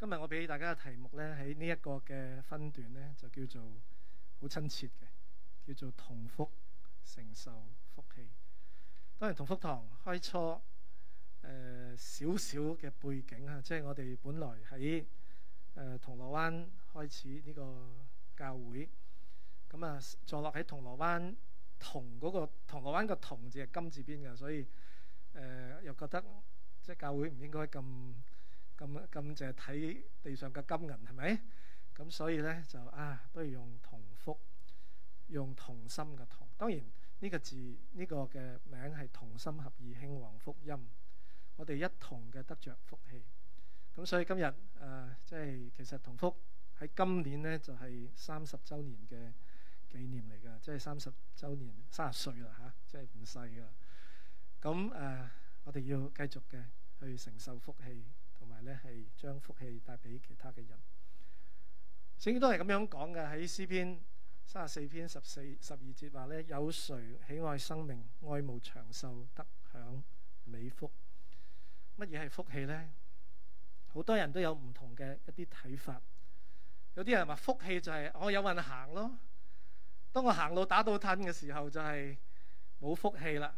今日我俾大家嘅題目呢，喺呢一個嘅分段呢，就叫做好親切嘅，叫做同福承受福氣。當然，同福堂開初誒少少嘅背景啊，即係我哋本來喺誒、呃、銅鑼灣開始呢個教會，咁啊坐落喺銅鑼灣銅嗰、嗰個銅鑼灣嘅銅字係金字邊嘅，所以誒、呃、又覺得即係教會唔應該咁。咁咁就係睇地上嘅金銀，係咪咁？所以咧就啊，不如用同福，用同心嘅同。當然呢個字呢個嘅名係同心合意興旺福音。我哋一同嘅得著福氣。咁所以今日誒，即係其實同福喺今年咧就係三十週年嘅紀念嚟㗎，即係三十週年，三十歲啦嚇，即係唔細㗎。咁誒，我哋要繼續嘅去承受福氣。咧係將福氣帶俾其他嘅人。聖經都係咁樣講嘅，喺詩篇三十四篇十四十二節話咧： 有誰喜愛生命、愛慕長壽、得享美福？乜嘢係福氣呢？好多人都有唔同嘅一啲睇法。有啲人話福氣就係、是、我有運行咯。當我行路打倒褪嘅時候，就係、是、冇福氣啦。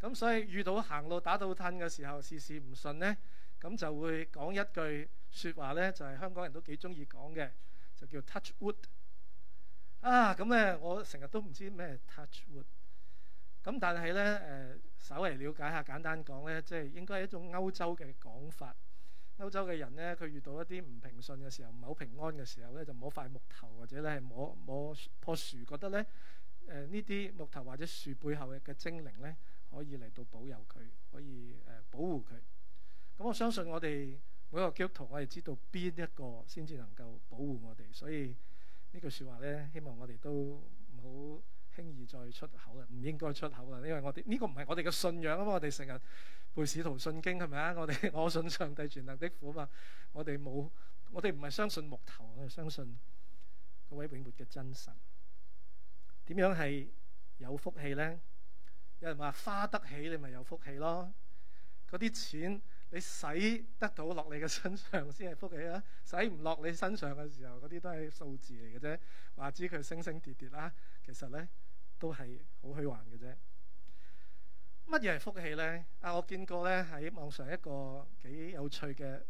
咁所以遇到行路打倒褪嘅時候，事事唔順呢。咁就會講一句説話咧，就係、是、香港人都幾中意講嘅，就叫 touch wood。啊，咁咧我成日都唔知咩 touch wood。咁、嗯、但係咧，誒、呃、稍微了解下，簡單講咧，即係應該係一種歐洲嘅講法。歐洲嘅人咧，佢遇到一啲唔平順嘅時候，唔係好平安嘅時候咧，就摸塊木頭或者咧摸摸棵樹，覺得咧誒呢啲、呃、木頭或者樹背後嘅精靈咧，可以嚟到保佑佢，可以誒、呃、保護佢。我相信我哋每一個基督徒，我哋知道邊一個先至能夠保護我哋。所以句呢句說話咧，希望我哋都唔好輕易再出口啦，唔應該出口啦，因為我哋呢、這個唔係我哋嘅信仰啊嘛。我哋成日背使徒信經，係咪啊？我哋我信上帝全能的父啊嘛我。我哋冇我哋唔係相信木頭，我哋相信嗰位永活嘅真神。點樣係有福氣咧？有人話花得起你咪有福氣咯，嗰啲錢。你使得到落你嘅身上先係福氣啊！使唔落你身上嘅時候，嗰啲都係數字嚟嘅啫。話知佢升升跌跌啦，其實呢都係好虛幻嘅啫。乜嘢係福氣呢？啊，我見過呢喺網上一個幾有趣嘅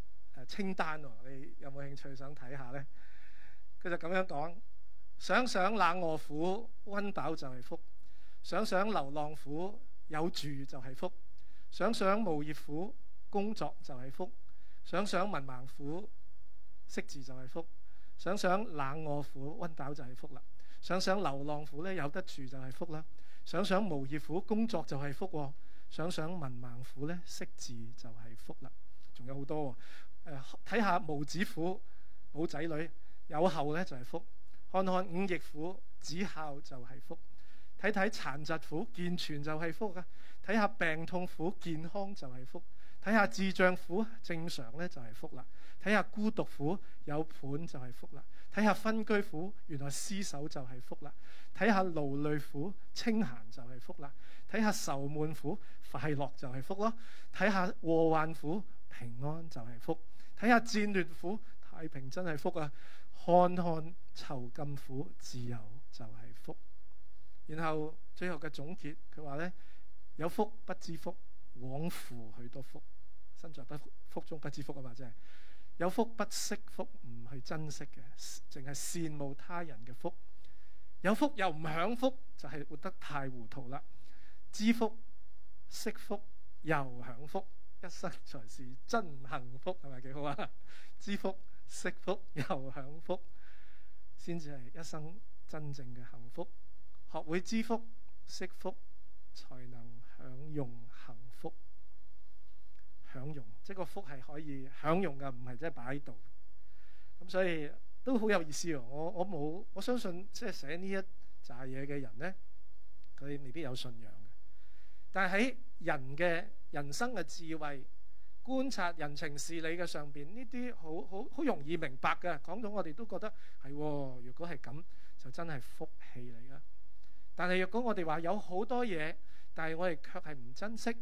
清單喎，你有冇興趣想睇下呢？佢就咁樣講：想想冷餓苦，温飽就係福；想想流浪苦，有住就係福；想想無業苦，工作就係福，想想文盲苦，識字就係福；想想冷餓苦，温飽就係福啦。想想流浪苦咧，有得住就係福啦。想想無業苦，工作就係福喎、哦。想想文盲苦咧，識字就係福啦。仲有好多誒、哦，睇下無子苦，冇仔女有後咧就係福。看看忤逆苦，子孝就係福。睇睇殘疾苦，健全就係福啊！睇下病痛苦，健康就係福、啊。看看睇下智障苦，正常咧就係福啦；睇下孤獨苦，有伴就係福啦；睇下分居苦，原來廝守就係福啦；睇下勞累苦，清閒就係福啦；睇下愁悶苦，快樂就係福咯；睇下禍患苦，平安就係福；睇下戰亂苦，太平真係福啊！看看囚禁苦，自由就係福。然後最後嘅總結，佢話咧：有福不知福。往乎許多福，身在不福，福中不知福啊！嘛，即係有福不識福，唔去珍惜嘅，淨係羨慕他人嘅福。有福又唔享福，就係、是、活得太糊塗啦。知福、識福又享福，一生才是真幸福，係咪幾好啊？ 知福、識福又享福，先至係一生真正嘅幸福。學會知福、識福，才能享用。享用，即係個福係可以享用嘅，唔係真係擺喺度。咁所以都好有意思喎。我我冇，我相信即係寫呢一扎嘢嘅人咧，佢未必有信仰嘅。但係喺人嘅人生嘅智慧、觀察人情事理嘅上邊，呢啲好好好容易明白嘅。講到我哋都覺得係，如果係咁就真係福氣嚟噶。但係若果我哋話有好多嘢，但係我哋卻係唔珍惜。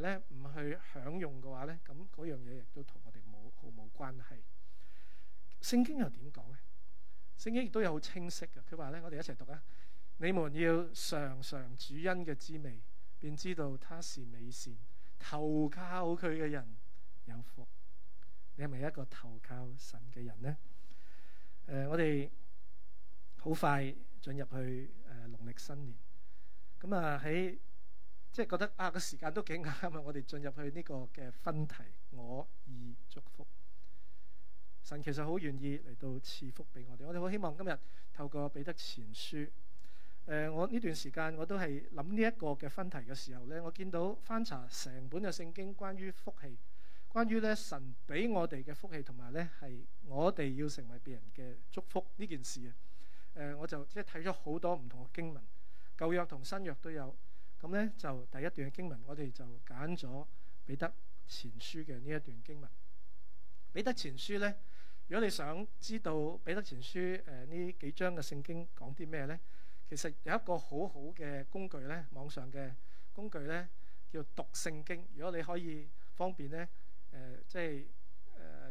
咧唔去享用嘅話咧，咁嗰樣嘢亦都同我哋冇，毫無關係。聖經又點講咧？聖經亦都有好清晰嘅，佢話咧，我哋一齊讀啊！你們要嘗嘗主恩嘅滋味，便知道他是美善。投靠佢嘅人有福。你係咪一個投靠神嘅人呢？誒，我哋好快進入去誒農曆新年。咁啊喺～即係覺得啊、這個時間都幾啱啊！ 我哋進入去呢個嘅分題，我意祝福神。其實好願意嚟到賜福俾我哋。我哋好希望今日透過彼得前書，誒、呃、我呢段時間我都係諗呢一個嘅分題嘅時候咧，我見到翻查成本嘅聖經關於福氣，關於咧神俾我哋嘅福氣同埋咧係我哋要成為別人嘅祝福呢件事啊！誒、呃、我就即係睇咗好多唔同嘅經文，舊約同新約都有。咁咧就第一段嘅經文，我哋就揀咗彼得前書嘅呢一段經文。彼得前書咧，如果你想知道彼得前書誒呢幾章嘅聖經講啲咩咧，其實有一個好好嘅工具咧，網上嘅工具咧叫讀聖經。如果你可以方便咧，誒即係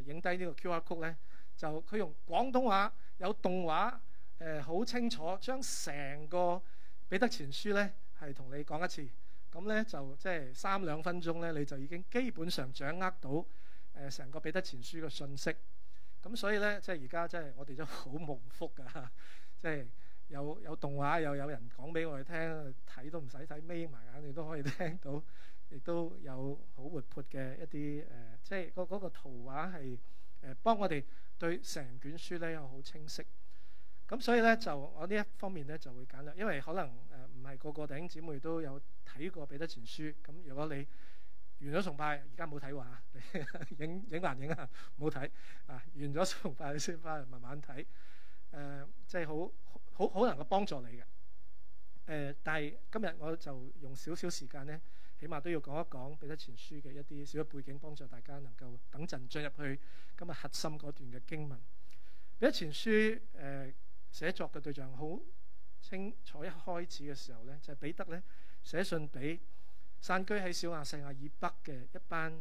誒影低呢個 QR Code 咧，就佢用廣東話有動畫誒，好清楚將成個彼得前書咧。係同你講一次，咁呢就即係三兩分鐘呢，你就已經基本上掌握到成、呃、個彼得前書嘅信息。咁所以呢，即係而家即係我哋都好蒙福㗎、啊，即係有有動畫，又有人講俾我哋聽，睇都唔使睇，眯埋眼你都可以聽到，亦都有好活潑嘅一啲誒、呃，即係嗰嗰個圖畫係幫我哋對成卷書呢又好清晰。咁所以呢，就我呢一方面呢就會簡單，因為可能。係個個弟兄姊妹都有睇過彼得前書，咁如果你完咗崇拜，而家冇睇話，影影難影啊，冇 睇啊，完咗崇拜先翻嚟慢慢睇，誒、呃，即係好好好能夠幫助你嘅，誒、呃，但係今日我就用少少時間咧，起碼都要講一講彼得前書嘅一啲少少背景，幫助大家能夠等陣進入去今日核心嗰段嘅經文。彼得前書誒寫、呃、作嘅對象好。清楚一開始嘅時候咧，就係彼得咧寫信俾散居喺小亞細亞以北嘅一班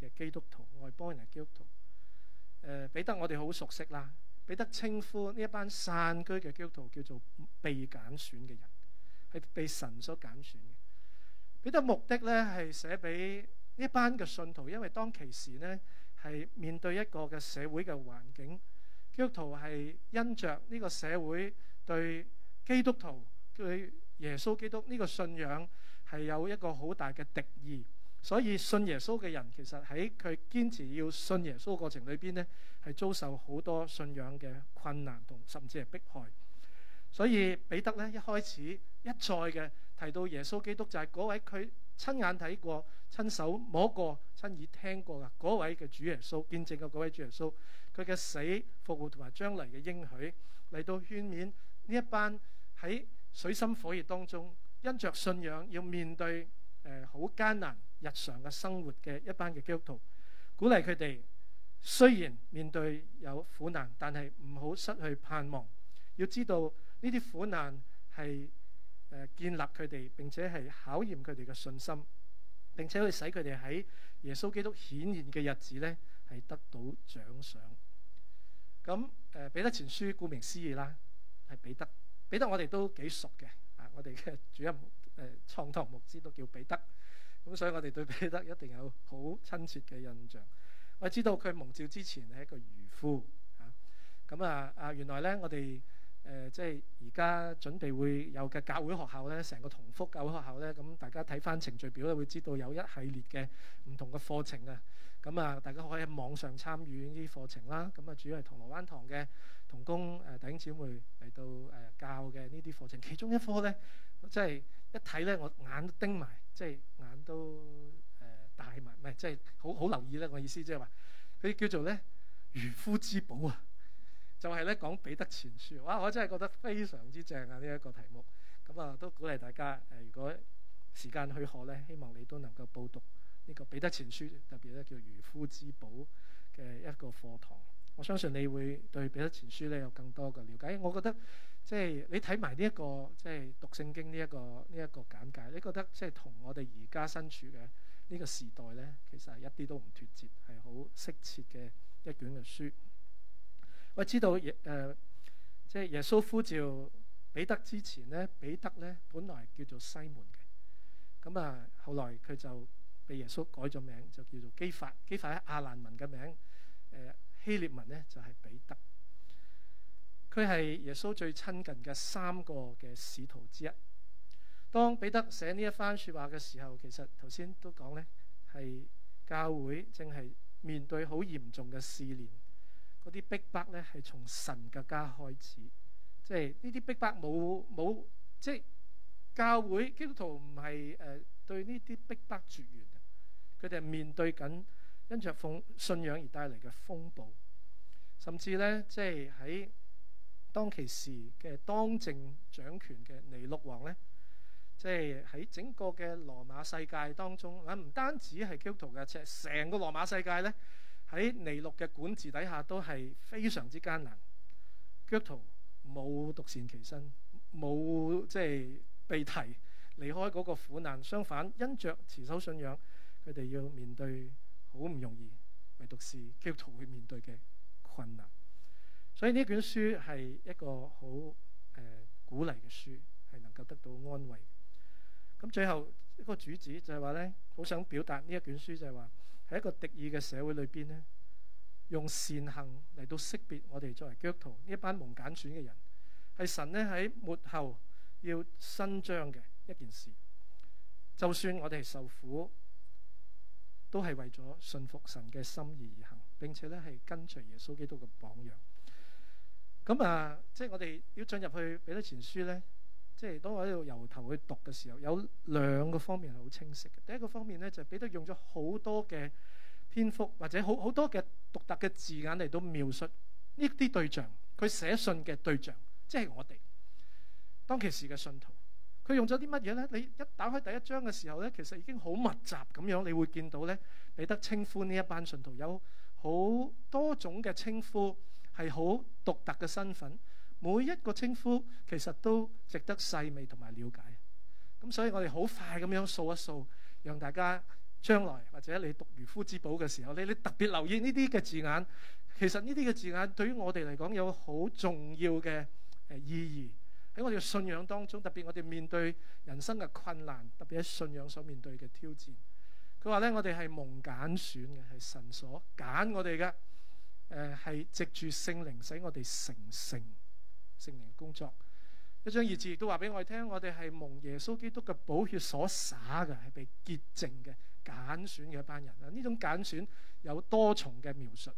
誒嘅基督徒，外邦人基督徒。誒，彼得，我哋好熟悉啦。彼得稱呼呢一班散居嘅基督徒叫做被揀選嘅人，係被神所揀選嘅。彼得目的咧係寫俾呢一班嘅信徒，因為當其時呢係面對一個嘅社會嘅環境，基督徒係因着呢個社會對。基督徒對耶穌基督呢個信仰係有一個好大嘅敵意，所以信耶穌嘅人其實喺佢堅持要信耶穌嘅過程裏邊咧，係遭受好多信仰嘅困難同甚至係迫害。所以彼得咧一開始一再嘅提到耶穌基督就係嗰位佢親眼睇過、親手摸過、親耳聽過嘅嗰位嘅主耶穌，見證嘅嗰位主耶穌，佢嘅死、復活同埋將來嘅應許嚟到勸勉呢一班。喺水深火熱當中，因着信仰要面對誒好、呃、艱難日常嘅生活嘅一班嘅基督徒，鼓勵佢哋。雖然面對有苦難，但係唔好失去盼望。要知道呢啲苦難係誒、呃、建立佢哋，並且係考驗佢哋嘅信心，並且可以使佢哋喺耶穌基督顯現嘅日子呢係得到獎賞。咁、嗯、誒，彼、呃、得前書顧名思義啦，係彼得。彼得我哋都幾熟嘅，啊，我哋嘅主任誒創堂牧師都叫彼得，咁、啊、所以我哋對彼得一定有好親切嘅印象。我知道佢蒙召之前係一個漁夫，吓、啊，咁啊啊原來咧我哋誒、呃、即係而家準備會有嘅教會學校咧，成個同福教會學校咧，咁、啊、大家睇翻程序表咧會知道有一系列嘅唔同嘅課程嘅，咁啊、啊大家可以喺網上參與呢啲課程啦，咁啊主要係銅鑼灣堂嘅。同工、呃、弟兄姊妹嚟到誒、呃、教嘅呢啲課程，其中一科咧，即係一睇咧，我眼都盯埋，即係眼都誒、呃、大埋，唔係即係好好留意咧。我意思即係話，佢叫做咧漁夫之寶啊，就係、是、咧講彼得前説彼得前書。哇，我真係覺得非常之正啊！呢、這、一個題目，咁、嗯、啊、呃、都鼓勵大家誒、呃，如果時間去學咧，希望你都能夠報讀呢個彼得前書，特別咧叫漁夫之寶嘅一個課堂。我相信你會對彼得前書咧有更多嘅了解。我覺得即係你睇埋呢一個即係讀聖經呢、這、一個呢一、這個簡介，你覺得即係同我哋而家身處嘅呢個時代咧，其實係一啲都唔脫節，係好適切嘅一卷嘅書。我知道耶誒，即、呃、係、就是、耶穌呼召彼得之前咧，彼得咧本來叫做西門嘅。咁啊，後來佢就被耶穌改咗名，就叫做基法。基法喺亞蘭文嘅名誒。呃希列文咧就係彼得，佢係耶穌最親近嘅三個嘅使徒之一。當彼得寫呢一番說話嘅時候，其實頭先都講咧，係教會正係面對好嚴重嘅試煉，嗰啲逼迫咧係從神嘅家開始，即係呢啲逼迫冇冇即係教會基督徒唔係誒對呢啲逼迫絕緣啊，佢哋係面對緊。跟着奉信仰而帶嚟嘅風暴，甚至咧，即係喺當其時嘅當政掌權嘅尼祿王咧，即係喺整個嘅羅馬世界當中，唔單止係基督徒嘅，成成個羅馬世界咧，喺尼祿嘅管治底下都係非常之艱難。基督徒冇獨善其身，冇即係被提離開嗰個苦難。相反，因着持守信仰，佢哋要面對。好唔容易，唯獨是基督徒去面對嘅困難。所以呢一卷書係一個好誒、呃、鼓勵嘅書，係能夠得到安慰。咁最後一個主旨就係話咧，好想表達呢一卷書就係話，喺一個敵意嘅社會裏邊咧，用善行嚟到識別我哋作為基督徒呢一班蒙揀選嘅人，係神咧喺末後要伸張嘅一件事。就算我哋係受苦。都係為咗信服神嘅心意而而行，並且咧係跟隨耶穌基督嘅榜樣。咁啊，即係我哋要進入去彼得前書咧，即係當我喺度由頭去讀嘅時候，有兩個方面係好清晰嘅。第一個方面咧，就係彼得用咗好多嘅篇幅，或者好好多嘅獨特嘅字眼嚟到描述呢啲對象，佢寫信嘅對象，即係我哋當其時嘅信徒。佢用咗啲乜嘢呢？你一打開第一章嘅時候呢，其實已經好密集咁樣，你會見到呢，彼得稱呼呢一班信徒有好多種嘅稱呼，係好獨特嘅身份。每一個稱呼其實都值得細味同埋了解。咁所以，我哋好快咁樣掃一掃，讓大家將來或者你讀《漁夫之寶》嘅時候，你你特別留意呢啲嘅字眼。其實呢啲嘅字眼對於我哋嚟講有好重要嘅意義。喺我哋信仰當中，特別我哋面對人生嘅困難，特別係信仰所面對嘅挑戰。佢話咧，我哋係蒙揀選嘅，係神所揀我哋嘅。誒、呃，係藉住聖靈使我哋成成聖靈嘅工作。一章二節亦都話俾我哋聽，我哋係蒙耶穌基督嘅寶血所灑嘅，係被潔淨嘅揀選嘅一班人啊！呢種揀選有多重嘅描述。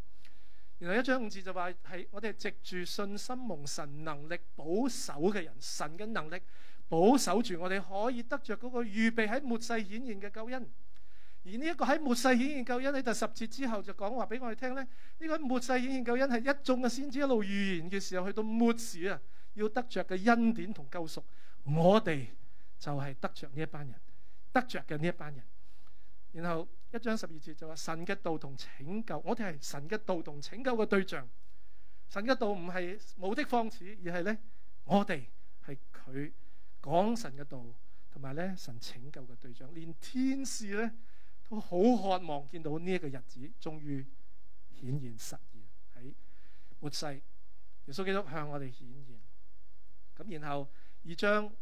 然後一章五字就話，係我哋係藉住信心蒙神能力保守嘅人，神嘅能力保守住我哋可以得着嗰個預備喺末世顯現嘅救恩。而呢一個喺末世顯現救恩，喺第十節之後就講話俾我哋聽咧，呢個喺末世顯現救恩係一眾嘅先知一路預言嘅時候，去到末時啊，要得着嘅恩典同救贖，我哋就係得着呢一班人，得着嘅呢一班人。然後。一章十二節就話神嘅道同拯救，我哋係神嘅道同拯救嘅對象。神嘅道唔係冇的放矢，而係咧我哋係佢講神嘅道，同埋咧神拯救嘅對象。連天使咧都好渴望見到呢一個日子終於顯現實現喺末世。耶穌基督向我哋顯現。咁然後二章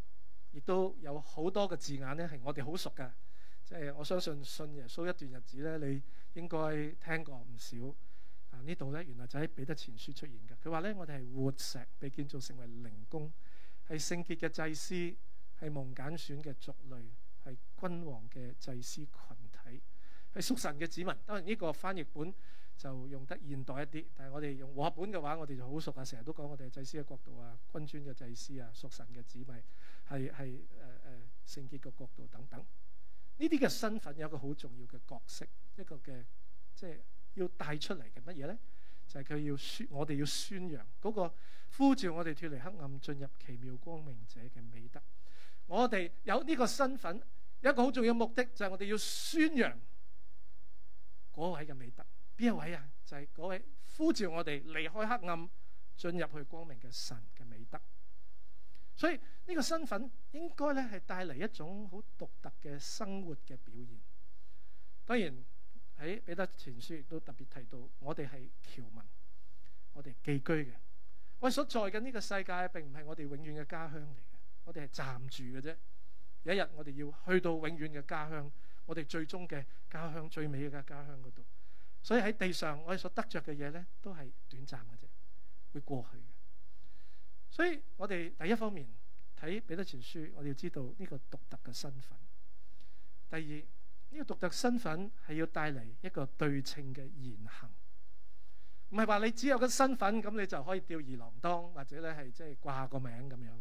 亦都有好多嘅字眼咧，係我哋好熟嘅。即係我相信信耶穌一段日子咧，你應該聽過唔少啊。呢度咧原來就喺彼得前書出現嘅。佢話咧，我哋係活石，被建造成為靈宮，係聖潔嘅祭司，係蒙揀選嘅族類，係君王嘅祭司群體，係屬神嘅子民。當然呢個翻譯本就用得現代一啲，但係我哋用和合本嘅話，我哋就好熟啊。成日都講我哋係祭司嘅角度啊，君尊嘅祭司啊，屬神嘅子民係係誒誒聖潔嘅角度等等。呢啲嘅身份有一個好重要嘅角色，一個嘅即係要帶出嚟嘅乜嘢呢？就係佢要宣，我哋要宣揚嗰個呼召我哋脫離黑暗進入奇妙光明者嘅美德。我哋有呢個身份，有一個好重要的目的，就係我哋要宣揚嗰位嘅美德。邊一位啊？就係嗰位呼召我哋離開黑暗進入去光明嘅神。所以呢個身份應該咧係帶嚟一種好獨特嘅生活嘅表現。當然喺彼得前書亦都特別提到，我哋係僑民，我哋寄居嘅。我哋所在嘅呢個世界並唔係我哋永遠嘅家鄉嚟嘅，我哋係暫住嘅啫。有一日我哋要去到永遠嘅家鄉，我哋最終嘅家鄉、最美嘅家鄉嗰度。所以喺地上我哋所得着嘅嘢咧都係短暫嘅啫，會過去。所以我哋第一方面睇彼得前書，我哋要知道呢個獨特嘅身份。第二，呢個獨特身份係要帶嚟一個對稱嘅言行，唔係話你只有個身份，咁你就可以吊兒郎當，或者咧係即係掛個名咁樣。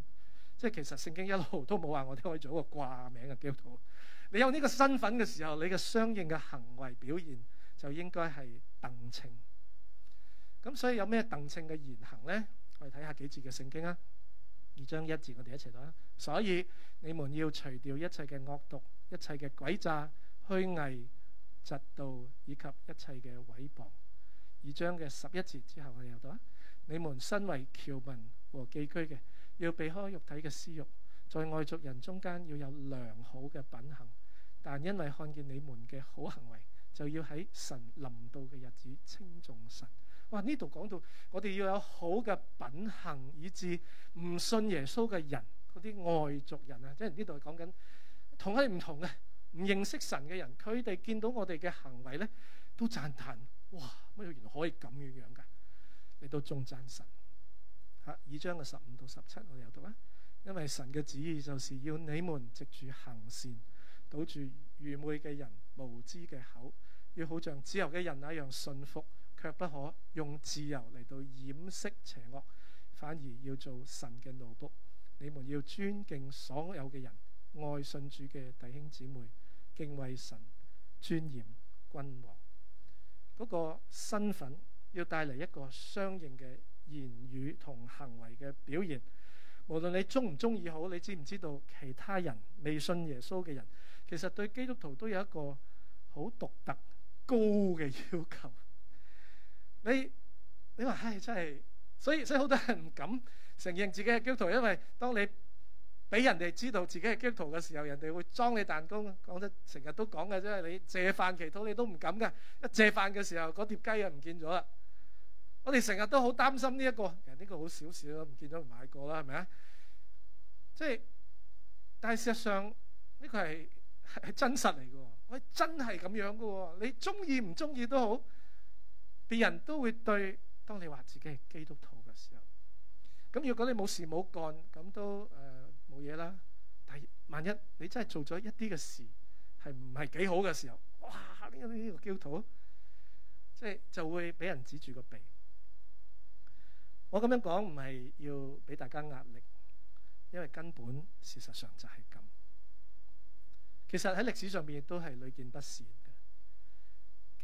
即係其實聖經一路都冇話我哋可以做一個掛名嘅基督徒。你有呢個身份嘅時候，你嘅相應嘅行為表現就應該係鄧稱。咁所以有咩鄧稱嘅言行咧？嚟睇下幾節嘅聖經啊，二章一節我哋一齊讀啊。所以你們要除掉一切嘅惡毒、一切嘅詭詐、虛偽、嫉妒以及一切嘅毀謗。二章嘅十一節之後我哋又讀啊。你們身為僑民和寄居嘅，要避開肉體嘅私欲，在外族人中間要有良好嘅品行。但因為看見你們嘅好行為，就要喺神臨到嘅日子稱重神。哇，呢度講到，我哋要有好嘅品行，以致唔信耶穌嘅人，嗰啲外族人啊，即係呢度係講緊同我哋唔同嘅、唔認識神嘅人，佢哋見到我哋嘅行為咧，都讚嘆：哇，乜原來可以咁樣樣噶、啊？你都仲讚神。吓、啊，二章嘅十五到十七我哋有讀啊，因為神嘅旨意就是要你們藉住行善，堵住愚昧嘅人、無知嘅口，要好像自由嘅人一樣信服。卻不可用自由嚟到掩飾邪惡，反而要做神嘅奴僕。你們要尊敬所有嘅人，愛信主嘅弟兄姊妹，敬畏神、尊嚴君王嗰個身份，要帶嚟一個相應嘅言語同行為嘅表現。無論你鍾唔鍾意好，你知唔知道其他人未信耶穌嘅人，其實對基督徒都有一個好獨特高嘅要求。你你話唉，真係，所以所以好多人唔敢承認自己係基督徒，因為當你俾人哋知道自己係基督徒嘅時候，人哋會裝你彈弓。講得，成日都講嘅，即係你借飯祈禱你都唔敢噶，一借飯嘅時候，嗰碟雞啊唔見咗啦。我哋成日都好擔心呢一個，其實呢個好少少，唔見咗就買過啦，係咪啊？即係，但係事實上呢個係係真實嚟嘅，喂，真係咁樣嘅，你中意唔中意都好。別人都會對，當你話自己係基督徒嘅時候，咁如果你冇事冇幹，咁都，冇嘢啦，但係，萬一你真係做咗一啲嘅事，係唔係幾好嘅時候，嘩，呢個呢個基督徒，即係，就會俾人指住個鼻。我咁樣講，唔係要俾大家壓力，因為根本事實上就係咁。其實，喺歷史上面，亦都係屢見不鮮。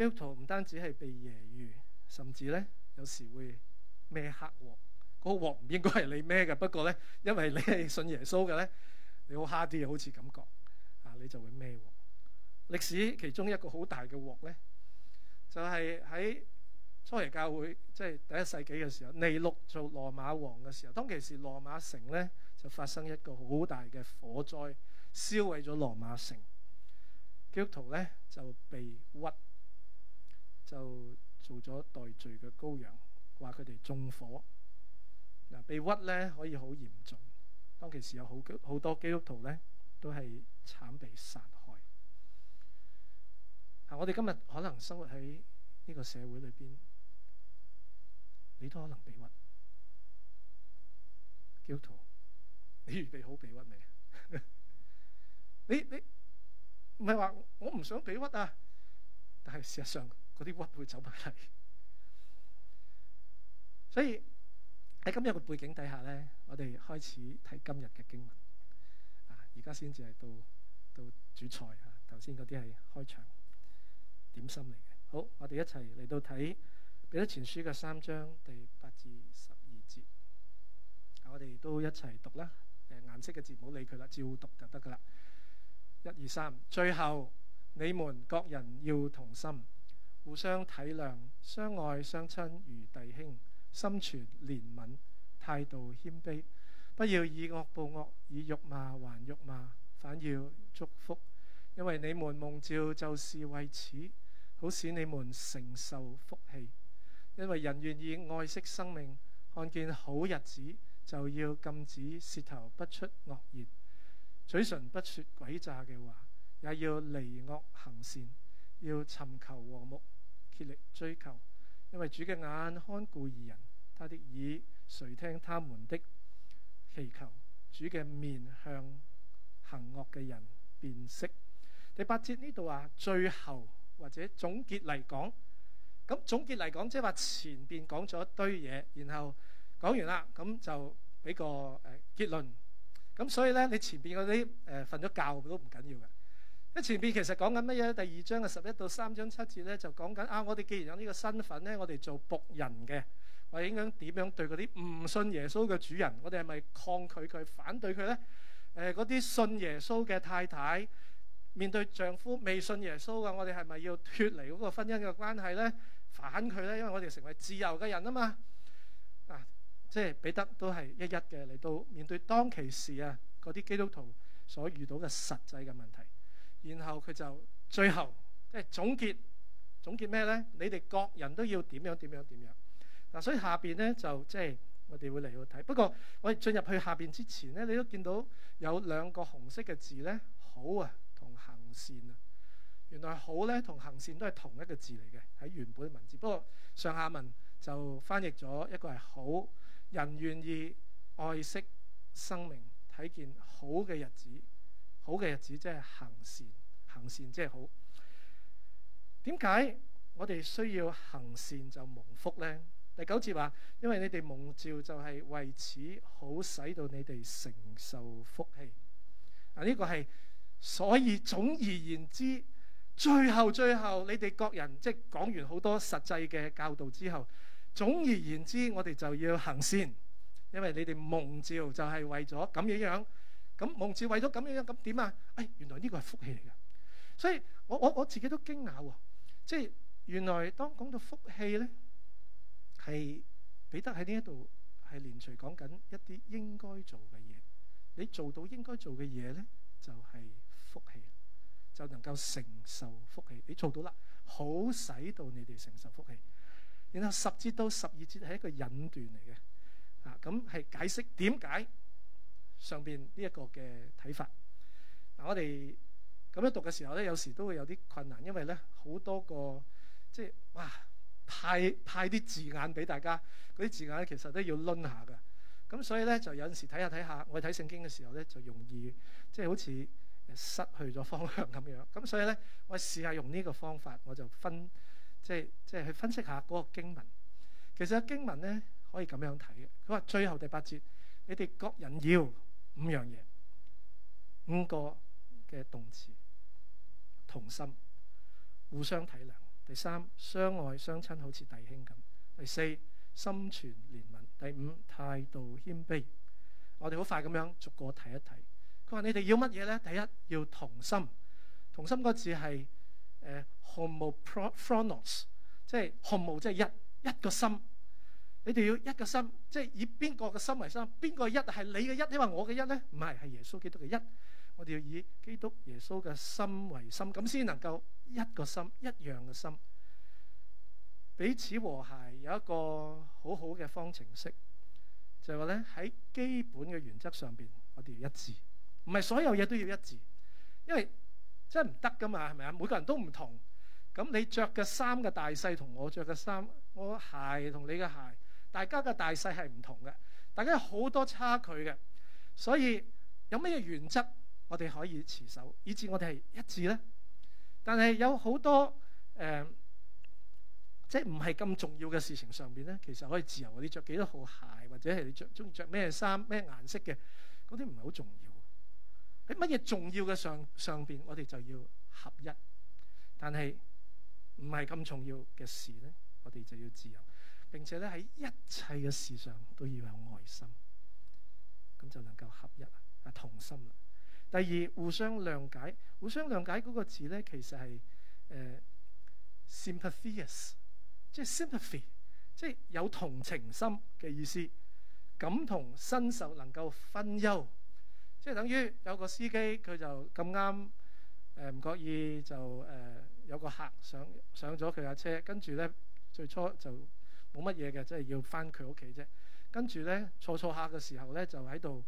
基督徒唔單止係被揶揄，甚至咧有時會孭黑鑊。嗰鑊唔應該係你孭嘅，不過咧，因為你係信耶穌嘅咧，你好蝦啲又好似感覺啊，你就會孭鑊。歷史其中一個好大嘅鑊咧，就係喺初期教會，即係第一世紀嘅時候，尼祿做羅馬王嘅時候，當其時羅馬城咧就發生一個好大嘅火災，燒毀咗羅馬城。基督徒咧就被屈，就做咗代罪嘅羔羊，話佢哋縱火嗱、啊，被屈咧可以好嚴重。當其時有好好多基督徒咧，都係慘被殺害。吓、啊，我哋今日可能生活喺呢個社會裏邊，你都可能被屈。基督徒，你預備好被屈未？ 你你唔係話我唔想被屈啊，但係事實上。嗰啲屈會走埋嚟，所以喺今日嘅背景底下咧，我哋開始睇今日嘅經文啊。而家先至係到到主菜啊，頭先嗰啲係開場點心嚟嘅。好，我哋一齊嚟到睇彼得前書嘅三章第八至十二節。我哋都一齊讀啦。誒，顏色嘅字唔好理佢啦，照讀就得噶啦。一二三，最後，你們各人要同心，互相體諒，相愛相親如弟兄，心存憐憫，態度謙卑，不要以惡報惡，以辱罵還辱罵，反要祝福，因為你們蒙召就是為此，好使你們承受福氣。因為人願意愛惜生命，看見好日子就要禁止舌頭不出惡言，嘴唇不說詭詐嘅話，也要離惡行善，要尋求和睦，竭力追求。咁前邊其實講緊乜嘢？第二章嘅十一到三章七節咧，就講緊啊。我哋既然有呢個身份咧，我哋做僕人嘅，我哋應該點樣對嗰啲唔信耶穌嘅主人？我哋係咪抗拒佢、反對佢咧？誒、呃，嗰啲信耶穌嘅太太面對丈夫未信耶穌嘅，我哋係咪要脱離嗰個婚姻嘅關係咧？反佢咧？因為我哋成為自由嘅人啊嘛啊，即係彼得都係一一嘅嚟到面對當其時啊嗰啲基督徒所遇到嘅實際嘅問題。然後佢就最後，即係總結，總結咩呢？你哋各人都要點樣點樣點樣。嗱、啊，所以下邊呢，就即係、就係、我哋會嚟去睇。不過我哋進入去下邊之前呢，你都見到有兩個紅色嘅字呢，好啊，同行善啊。原來好呢，同行善都係同一個字嚟嘅喺原本文字，不過上下文就翻譯咗一個係好，人願意愛惜生命，睇見好嘅日子。好嘅日子即係行善，行善即係好。點解我哋需要行善就蒙福咧？第九節話，啊，因為你哋蒙召就係為此好，使到你哋承受福氣。啊，呢個係所以，總而言之，最後最後，你哋各人即係講完好多實際嘅教導之後，總而言之，我哋就要行善，因為你哋蒙召就係為咗咁樣樣。咁蒙治為咗咁樣樣，咁點啊？哎，原來呢個係福氣嚟嘅，所以我我我自己都驚訝喎，即係原來當講到福氣咧，係彼得喺呢一度係連隨講緊一啲應該做嘅嘢，你做到應該做嘅嘢咧，就係福氣，就能夠承受福氣。你做到啦,好使到你哋承受福氣。然後十節到十二節係一個引段嚟嘅，啊，咁係解釋點解。上邊呢一個嘅睇法嗱、啊，我哋咁樣讀嘅時候咧，有時都會有啲困難，因為咧，好多個即係哇派派啲字眼俾大家嗰啲字眼，其實都要輪下㗎。咁所以咧，就有陣時睇下睇下，我睇聖經嘅時候咧，就容易即係、就是、好似失去咗方向咁樣。咁所以咧，我試下用呢個方法，我就分即係即係去分析下嗰個經文。其實經文咧，可以咁樣睇嘅。佢話最後第八節，你哋各人要。五樣嘢，五個嘅動詞，同心，互相體諒。第三，相愛相親好似弟兄咁。第四，心存憐憫。第五，態度謙卑。我哋好快咁樣逐個睇一睇。佢話你哋要乜嘢咧？第一要同心。同心嗰字係誒、呃、homophronos，pro, 即係 homo，omo, 即係一一個心。你哋要一個心，即係以邊個嘅心為心？邊個一係你嘅一？你話我嘅一呢？唔係，係耶穌基督嘅一。我哋要以基督耶穌嘅心為心，咁先能夠一個心一樣嘅心，彼此和諧，有一個好好嘅方程式。就係話呢，喺基本嘅原則上邊，我哋要一致。唔係所有嘢都要一致，因為真唔得噶嘛，係咪啊？每個人都唔同，咁你著嘅衫嘅大細同我著嘅衫，我鞋同你嘅鞋。大家嘅大細係唔同嘅，大家有好多差距嘅，所以有咩原則，我哋可以持守，以至我哋係一致咧。但係有好多誒，即係唔係咁重要嘅事情上邊咧，其實可以自由。你着幾多號鞋，或者係你著中意着咩衫、咩顏色嘅，嗰啲唔係好重要。喺乜嘢重要嘅上上邊，我哋就要合一。但係唔係咁重要嘅事咧，我哋就要自由。並且咧，喺一切嘅事上都要有愛心，咁就能夠合一啊，同心啦。第二，互相諒解，互相諒解嗰個字咧，其實係誒、呃、sympathies，即係 sympathy，即係有同情心嘅意思，感同身受，能夠分憂。即係等於有個司機，佢、呃、就咁啱誒唔覺意就誒有個客上上咗佢架車，跟住咧最初就。冇乜嘢嘅，即係要返佢屋企啫。跟住咧坐坐下嘅時候咧，就喺度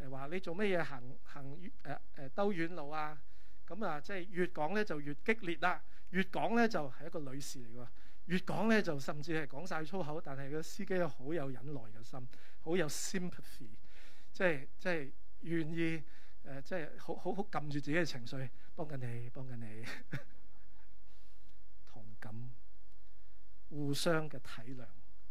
誒話你做乜嘢行行誒誒兜遠路啊？咁啊，即係越講咧就越激烈啦。越講咧就係、是、一個女士嚟喎。越講咧就甚至係講晒粗口。但係個司機好有忍耐嘅心，好有 sympathy，即係即係願意誒、呃，即係好好好撳住自己嘅情緒，幫緊你，幫緊你，緊 同感。互相嘅體諒，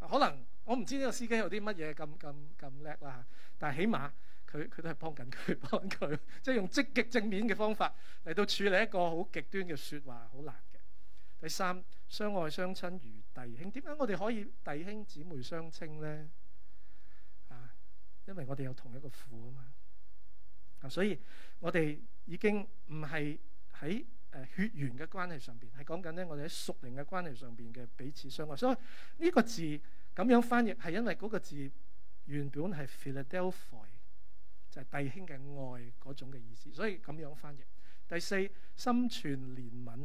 可能我唔知呢個司機有啲乜嘢咁咁咁叻啦，但係起碼佢佢都係幫緊佢幫佢，即係用積極正面嘅方法嚟到處理一個好極端嘅説話，好難嘅。第三，相愛相親如弟兄，點解我哋可以弟兄姊妹相稱呢？啊，因為我哋有同一個父嘛啊嘛，所以我哋已經唔係喺血緣嘅關係上邊係講緊咧，我哋喺屬靈嘅關係上邊嘅彼此相愛，所以呢個字咁樣翻譯係因為嗰個字原本係 Philadelphia，就係弟兄嘅愛嗰種嘅意思，所以咁樣翻譯。第四，心存憐憫，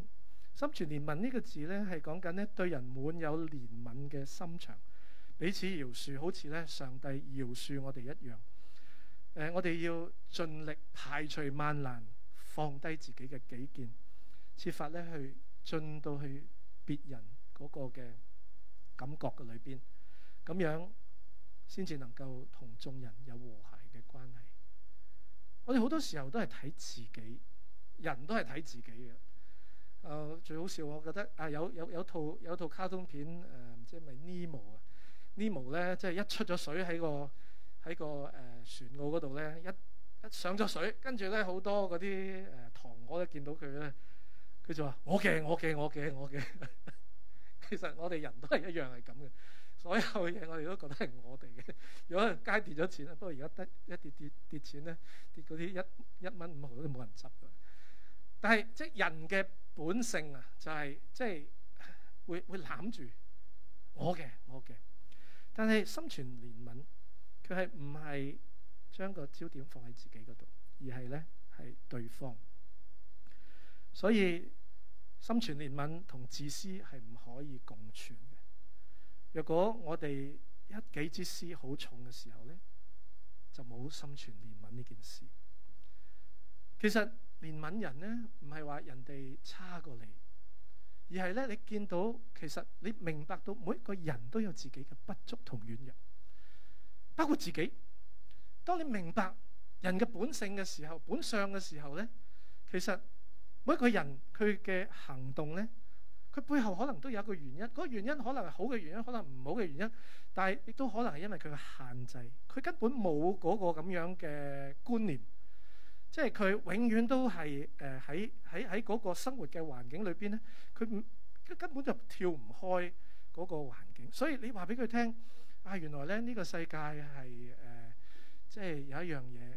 心存憐憫呢個字咧係講緊咧對人滿有憐憫嘅心腸，彼此饒恕，好似咧上帝饒恕我哋一樣。誒、呃，我哋要盡力排除萬難，放低自己嘅己見。設法咧去進到去別人嗰個嘅感覺嘅裏邊，咁樣先至能夠同眾人有和諧嘅關係。我哋好多時候都係睇自己，人都係睇自己嘅。誒、呃，最好笑，我覺得啊，有有有套有套卡通片，誒、呃，即係咪 Nemo 啊？Nemo 咧，即係一出咗水喺個喺個誒、呃、船塢嗰度咧，一一上咗水，跟住咧好多嗰啲誒塘鵝咧見到佢咧。佢就話：我嘅，我嘅，我嘅，我嘅。 其實我哋人都係一樣係咁嘅，所有嘢我哋都覺得係我哋嘅。如果街跌咗錢咧，不過而家得一跌跌跌,跌錢咧，跌嗰啲一一蚊五毫都冇人執嘅。但係即係人嘅本性啊，就係、係、即係會會攬住我嘅，我嘅。但係心存憐憫，佢係唔係將個焦點放喺自己嗰度，而係咧係對方。所以。嗯心存憐憫同自私係唔可以共存嘅。若果我哋一己之私好重嘅時候咧，就冇心存憐憫呢件事。其實憐憫人咧，唔係話人哋差過你，而係咧你見到其實你明白到每一個人都有自己嘅不足同軟弱，包括自己。當你明白人嘅本性嘅時候、本相嘅時候咧，其實。每一個人佢嘅行動呢，佢背後可能都有一個原因。嗰個原因可能係好嘅原因，可能唔好嘅原因，但係亦都可能係因為佢嘅限制，佢根本冇嗰個咁樣嘅觀念，即係佢永遠都係誒喺喺喺嗰個生活嘅環境裏邊呢，佢唔根根本就跳唔開嗰個環境。所以你話俾佢聽啊，原來呢呢個世界係誒，即係有一樣嘢，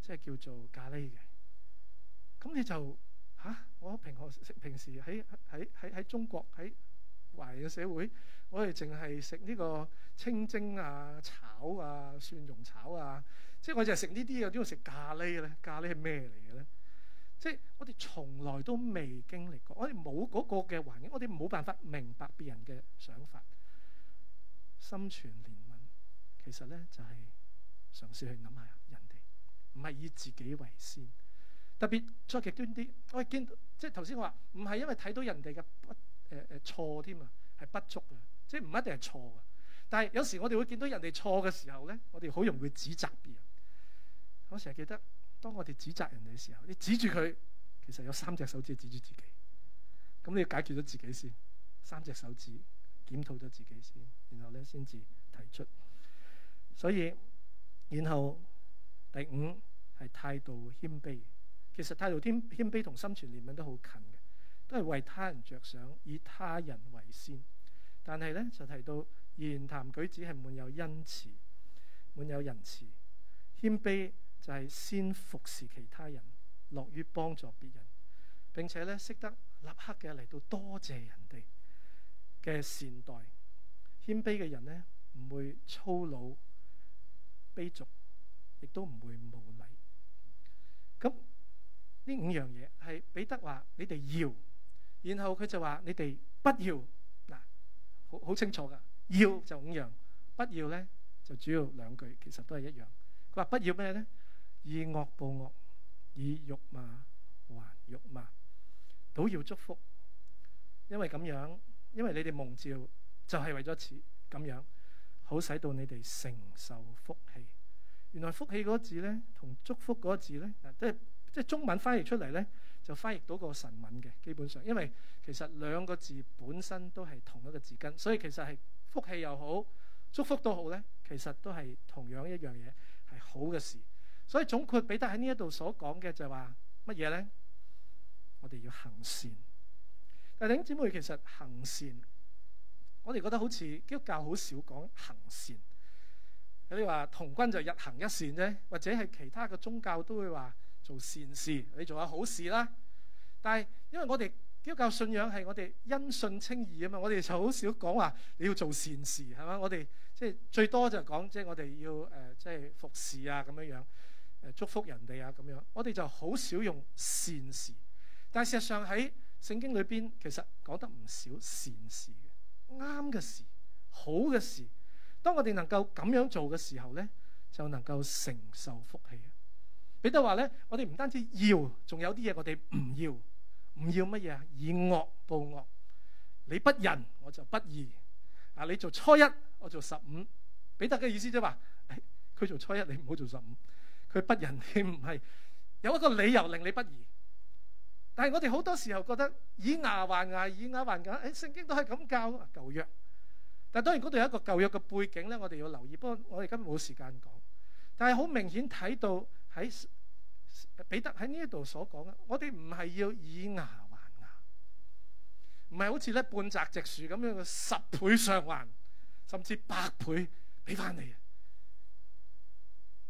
即係叫做咖喱嘅。咁你就～嚇、啊！我平何食？平時喺喺喺喺中國，喺華人嘅社會，我哋淨係食呢個清蒸啊、炒啊、蒜蓉炒啊，即係我淨係食呢啲，又點會食咖喱嘅咧？咖喱係咩嚟嘅咧？即係我哋從來都未經歷過，我哋冇嗰個嘅環境，我哋冇辦法明白別人嘅想法。心存憐憫，其實咧就係嘗試去諗下人哋，唔係以自己為先。特別再極端啲，我見到即係頭先我話唔係因為睇到人哋嘅誒誒錯添啊，係不足啊，即係唔一定係錯啊。但係有時我哋會見到人哋錯嘅時候咧，我哋好容易指責別人。我成日記得，當我哋指責人哋嘅時候，你指住佢，其實有三隻手指指住自己。咁、嗯、你要解決咗自己先，三隻手指檢討咗自己先，然後咧先至提出。所以，然後第五係態度謙卑。其實態度謙謙卑同心存憐憫都好近嘅，都係為他人着想，以他人為先。但係咧就提到言談舉止係滿有恩慈，滿有仁慈。謙卑就係先服侍其他人，樂於幫助別人，並且咧識得立刻嘅嚟到多謝人哋嘅善待。謙卑嘅人咧唔會粗魯卑俗，亦都唔會無禮咁。嗯嗯嗯呢五樣嘢係彼得話：你哋要，然後佢就話你哋不要嗱，好好清楚㗎。要就五樣，不要咧就主要兩句，其實都係一樣。佢話不要咩咧？以惡報惡，以辱罵還辱罵，倒要祝福，因為咁樣，因為你哋蒙召就係為咗此咁樣，好使到你哋承受福氣。原來福氣嗰個字咧，同祝福嗰個字咧，嗱即係。即係中文翻譯出嚟咧，就翻譯到個神文嘅基本上，因為其實兩個字本身都係同一個字根，所以其實係福氣又好，祝福都好咧，其實都係同樣一樣嘢係好嘅事。所以總括彼得喺呢一度所講嘅就係話乜嘢咧？我哋要行善。但係，弟兄姊妹其實行善，我哋覺得好似基督教好少講行善。有啲話童軍就日行一善啫，或者係其他嘅宗教都會話。做善事，你做下好事啦。但係，因為我哋基督教信仰係我哋因信稱義啊嘛，我哋就好少講話你要做善事，係嘛？我哋即係最多就講即係我哋要誒，即係服侍啊咁樣樣，誒祝福人哋啊咁樣。我哋就好少用善事。但係事實上喺聖經裏邊，其實講得唔少善事嘅，啱嘅事，好嘅事。當我哋能夠咁樣做嘅時候咧，就能夠承受福氣。彼得話咧：我哋唔單止要，仲有啲嘢我哋唔要，唔要乜嘢啊？以惡報惡，你不仁，我就不義。啊，你做初一，我做十五，彼得嘅意思啫、就、嘛、係？佢、哎、做初一，你唔好做十五。佢不仁，你唔係有一個理由令你不義。但係我哋好多時候覺得以牙還牙，以牙還、啊、牙、啊，誒，聖經都係咁教舊約。但係當然嗰度有一個舊約嘅背景咧，我哋要留意。不過我哋而家冇時間講，但係好明顯睇到。喺彼得喺呢一度所講啊，我哋唔係要以牙還牙，唔係好似咧半澤直樹咁樣嘅十倍上還，甚至百倍俾翻你啊！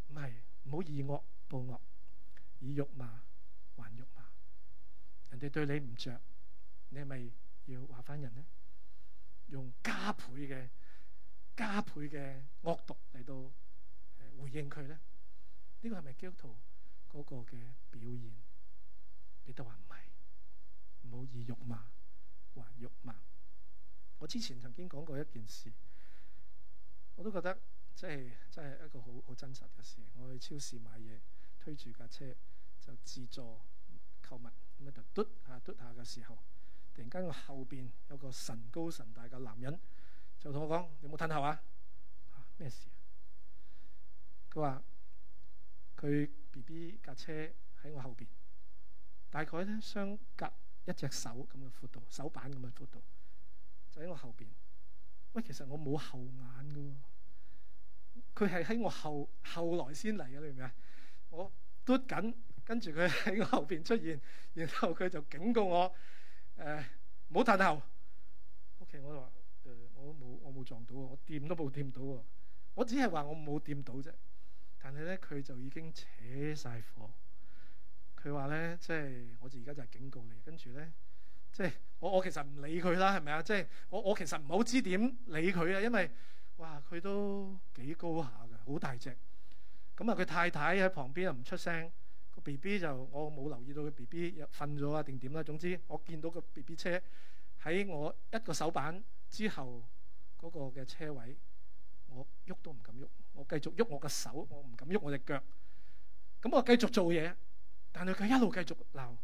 唔係，唔好以惡報惡，以辱罵還辱罵。人哋對你唔着，你係咪要話翻人呢？用加倍嘅加倍嘅惡毒嚟到、呃、回應佢咧。呢個係咪 g 基督徒嗰個嘅表現？你都話唔係，唔好以辱罵還辱罵。我之前曾經講過一件事，我都覺得即係即係一個好好真實嘅事。我去超市買嘢，推住架車就自助購物，咁啊就嘟下嘟下嘅時候，突然間我後邊有個神高神大嘅男人就同我講：有冇褪後啊？咩、啊、事啊？佢話。佢 B B 架車喺我後邊，大概咧相隔一隻手咁嘅闊度，手板咁嘅闊度，就喺我後邊。喂，其實我冇後眼噶，佢係喺我後後來先嚟嘅，你明唔明啊？我捉緊，跟住佢喺我後邊出現，然後佢就警告我：誒、呃，唔好褪後。O、okay, K，我就話：誒、呃，我冇，我冇撞到，我掂都冇掂到喎。我只係話我冇掂到啫。但係咧，佢就已經扯晒火。佢話咧，即係我而家就係警告你。跟住咧，即係我我其實唔理佢啦，係咪啊？即係我我其實唔好知點理佢啊，因為哇，佢都幾高下㗎，好大隻。咁啊，佢太太喺旁邊又唔出聲，個 B B 就我冇留意到佢 B B 瞓咗啊定點啦。總之我見到個 B B 車喺我一個手板之後嗰個嘅車位，我喐都唔敢喐。我繼續喐我嘅手，我唔敢喐我隻腳。咁我繼續做嘢，但係佢一路繼續鬧。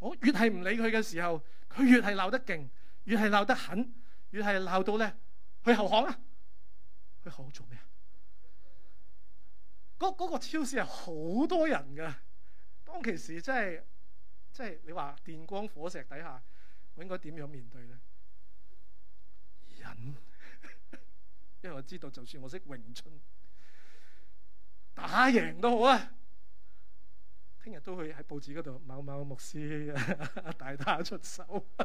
我越係唔理佢嘅時候，佢越係鬧得勁，越係鬧得狠，越係鬧到咧去後巷啊！去後巷做咩啊？嗰嗰個超市係好多人㗎。當其時真係，即係你話電光火石底下，我應該點樣面對咧？忍，因為我知道，就算我識詠春。打贏都好啊！聽日都去喺報紙嗰度，某某牧師 大打出手。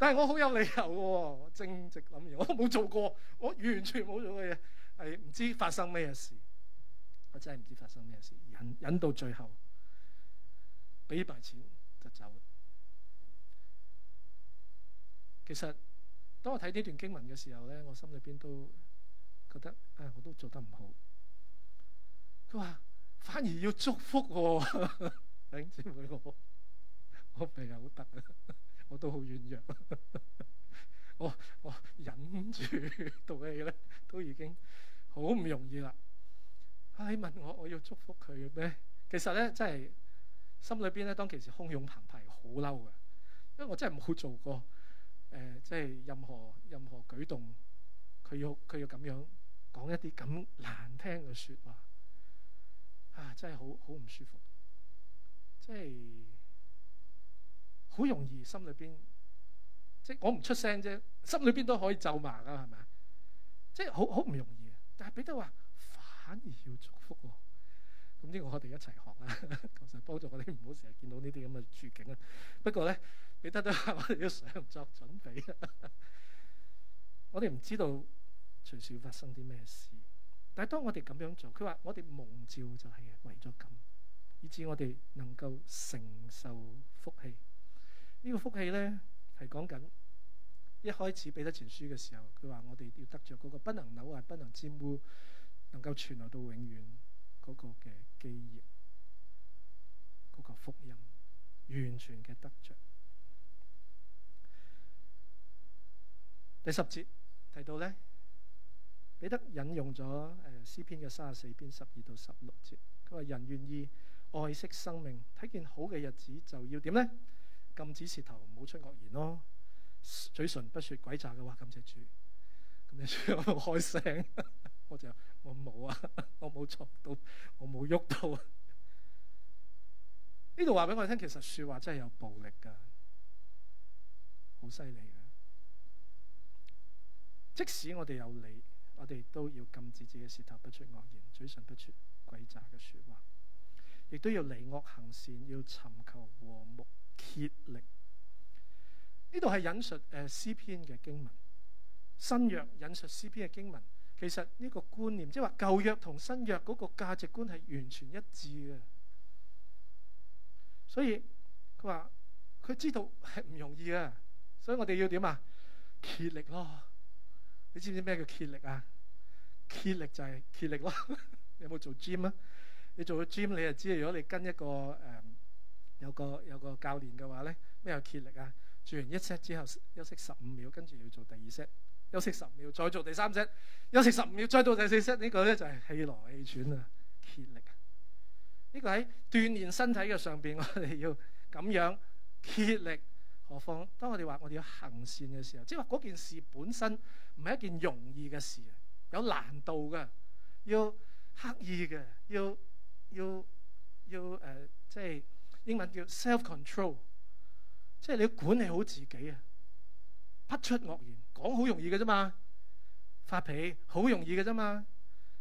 但係我好有理由、啊、正直諗，完，我都冇做過，我完全冇做過嘢，係唔知發生咩事。我真係唔知發生咩事，忍忍到最後俾埋錢就走。其實當我睇呢段經文嘅時候咧，我心裏邊都～覺得啊，我都做得唔好。佢話反而要祝福我，弟兄姊妹，我我唔係好得啊，我都好軟弱。我我忍住到氣咧，都已經好唔容易啦。唉，你問我我要祝福佢嘅咩？其實咧真係心裏邊咧，當其時洶湧澎湃，好嬲㗎，因為我真係冇做過誒，即係任何任何舉動，佢要佢要咁樣。講一啲咁難聽嘅說話，啊，真係好好唔舒服，即係好容易心裏邊，即係我唔出聲啫，心裏邊都可以咒罵㗎，係咪啊？即係好好唔容易啊！但係彼得話反而要祝福，哦，咁呢個我哋一齊學啦，求 神幫助我哋唔好成日見到呢啲咁嘅處境啊！不過咧，彼得都話我哋要常作準備啊， 我哋唔知道。隨時發生啲咩事？但係當我哋咁樣做，佢話我哋蒙召就係為咗咁，以致我哋能夠承受福氣。呢、這個福氣咧係講緊一開始彼得前書嘅時候，佢話我哋要得着嗰個不能扭壞、不能玷污，能夠傳流到永遠嗰個嘅基業，嗰、那個福音完全嘅得着。第十節提到咧。彼得引用咗誒詩篇嘅三十四篇十二到十六節，佢話：人願意愛惜生命，睇見好嘅日子就要點咧？禁止舌頭，唔好出惡言咯。嘴唇不説鬼詐嘅話，感謝主。咁你仲有冇開聲？我， 我就我冇啊，我冇做到，我冇喐到。啊。呢度話俾我聽，其實説話真係有暴力㗎，好犀利嘅。即使我哋有理。我哋都要禁止自己舌頭不出惡言，嘴唇不出詭詐嘅說話，亦都要離惡行善，要尋求和睦竭力。呢度係引述誒、呃、詩篇嘅經文，新約引述詩篇嘅經文，其實呢個觀念即係話舊約同新約嗰個價值觀係完全一致嘅。所以佢話佢知道係唔容易嘅，所以我哋要點啊？竭力咯！你知唔知咩叫竭力啊？竭力就係竭力咯。 你有冇做 gym 啊？你做咗 gym 你就知，如果你跟一個誒、呃、有個有個教練嘅話咧，咩叫竭力啊？做完一 set 之後休息十五秒，跟住要做第二 set，休息十秒再做第三 set，休息十秒再到第四 set，呢個咧就係氣勞氣喘啊，竭力啊！呢、這個喺鍛煉身體嘅上邊，我哋要咁樣竭力。何況當我哋話我哋要行善嘅時候，即係話嗰件事本身。唔係一件容易嘅事啊，有難度㗎，要刻意嘅，要要要誒、呃，即係英文叫 self-control，即係你要管理好自己啊，不出惡言，講好容易嘅啫嘛，發脾好容易嘅啫嘛，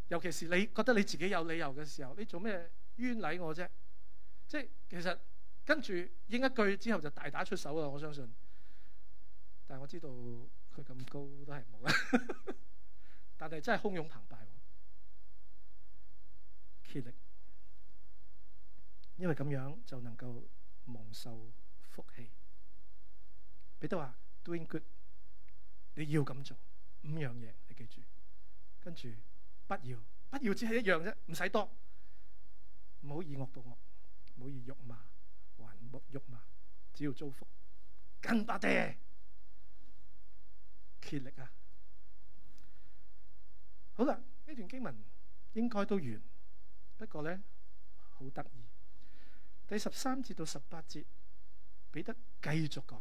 尤其是你覺得你自己有理由嘅時候，你做咩冤枉我啫？即係其實跟住應一句之後就大打出手啦，我相信。但係我知道。佢咁高都係冇啦，但係真係洶湧澎湃，竭力，因為咁樣就能夠蒙受福氣。彼得話：Doing good，你要咁做五樣嘢，你記住，跟住不要，不要只係一樣啫，唔使多，唔好以惡報惡，唔好以辱罵還辱罵，只要祝福，更百倍。竭力啊！好啦，呢段經文應該都完，不過咧好得意。第十三節到十八節，彼得繼續講，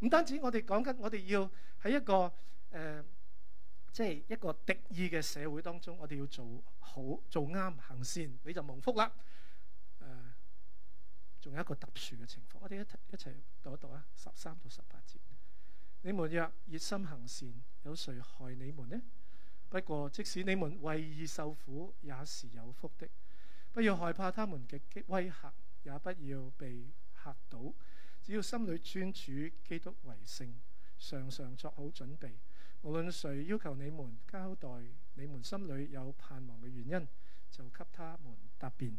唔單止我哋講緊，我哋要喺一個誒、呃，即係一個敵意嘅社會當中，我哋要做好做啱行先，你就蒙福啦。誒、呃，仲有一個特殊嘅情況，我哋一一齊讀一讀啊！十三到十八節。你們若熱心行善，有誰害你們呢？不過，即使你們為義受苦，也是有福的。不要害怕他們嘅威嚇，也不要被嚇倒。只要心裏專主基督為聖，常常作好準備。無論誰要求你們交代你們心裏有盼望嘅原因，就給他們答辯。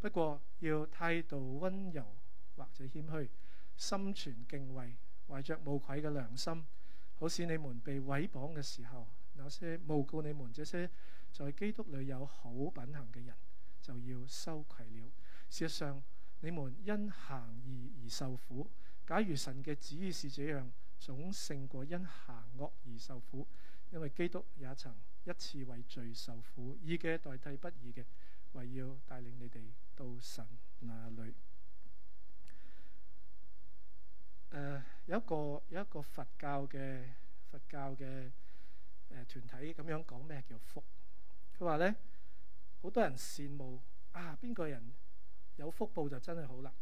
不過要態度溫柔或者謙虛，心存敬畏。懷着無愧嘅良心，好似你們被毀謗嘅時候，那些誣告你們、這些在基督裏有好品行嘅人，就要羞愧了。事實上，你們因行義而受苦，假如神嘅旨意是這樣，總勝過因行惡而受苦，因為基督也曾一次為罪受苦，義嘅代替不義嘅，為要帶領你哋到神那裏。誒、呃、有一個有一個佛教嘅佛教嘅誒、呃、團體咁樣講咩叫福？佢話咧，好多人羨慕啊，邊個人有福報就真係好啦，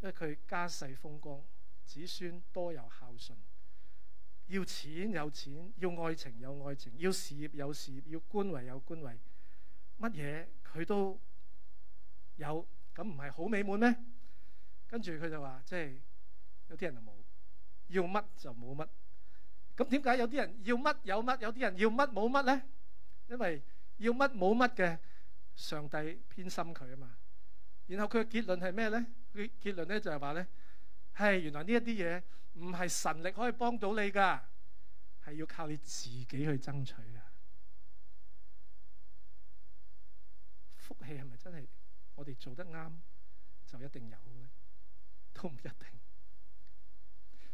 因為佢家世風光，子孫多有孝順，要錢有錢，要愛情有愛情，要事業有事業，要官位有官位，乜嘢佢都有，咁唔係好美滿咩？跟住佢就話即係。有啲人就冇，要乜就冇乜。咁點解有啲人要乜有乜，有啲人要乜冇乜咧？因為要乜冇乜嘅上帝偏心佢啊嘛。然後佢嘅結論係咩咧？佢結論咧就係話咧，係原來呢一啲嘢唔係神力可以幫到你噶，係要靠你自己去爭取啊。福氣係咪真係我哋做得啱就一定有咧？都唔一定。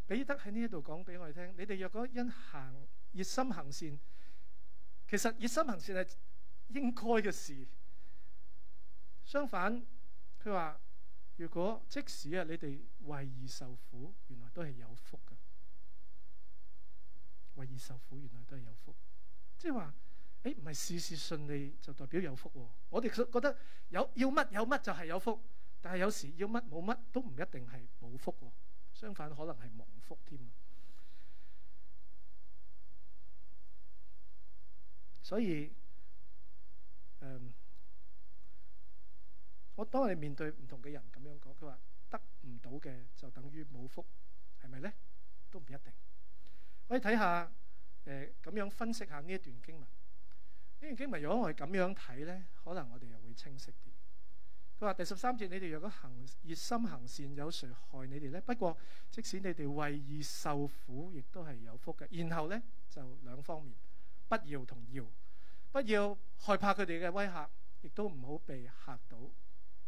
彼得喺呢一度講俾我哋聽：你哋若果因行熱心行善，其實熱心行善係應該嘅事。相反，佢話如果即使啊，你哋為義受苦，原來都係有福嘅。為義受苦原來都係有福，即係話，誒唔係事事順利就代表有福哦。我哋其實覺得有要乜有乜就係有福，但係有時要乜冇乜都唔一定係冇福哦。相反，可能係蒙福添啊！所以，誒，我當我哋面對唔同嘅人咁樣講，佢話得唔到嘅就等於冇福，係咪呢？都唔一定。可以睇下誒，咁樣分析下呢一段經文。呢段經文，如果我哋咁樣睇呢，可能我哋又會清晰啲。佢話：第十三節，你哋若果行熱心行善，有誰害你哋呢？不過，即使你哋為義受苦，亦都係有福嘅。然後呢，就兩方面，不要同要，不要害怕佢哋嘅威嚇，亦都唔好被嚇到。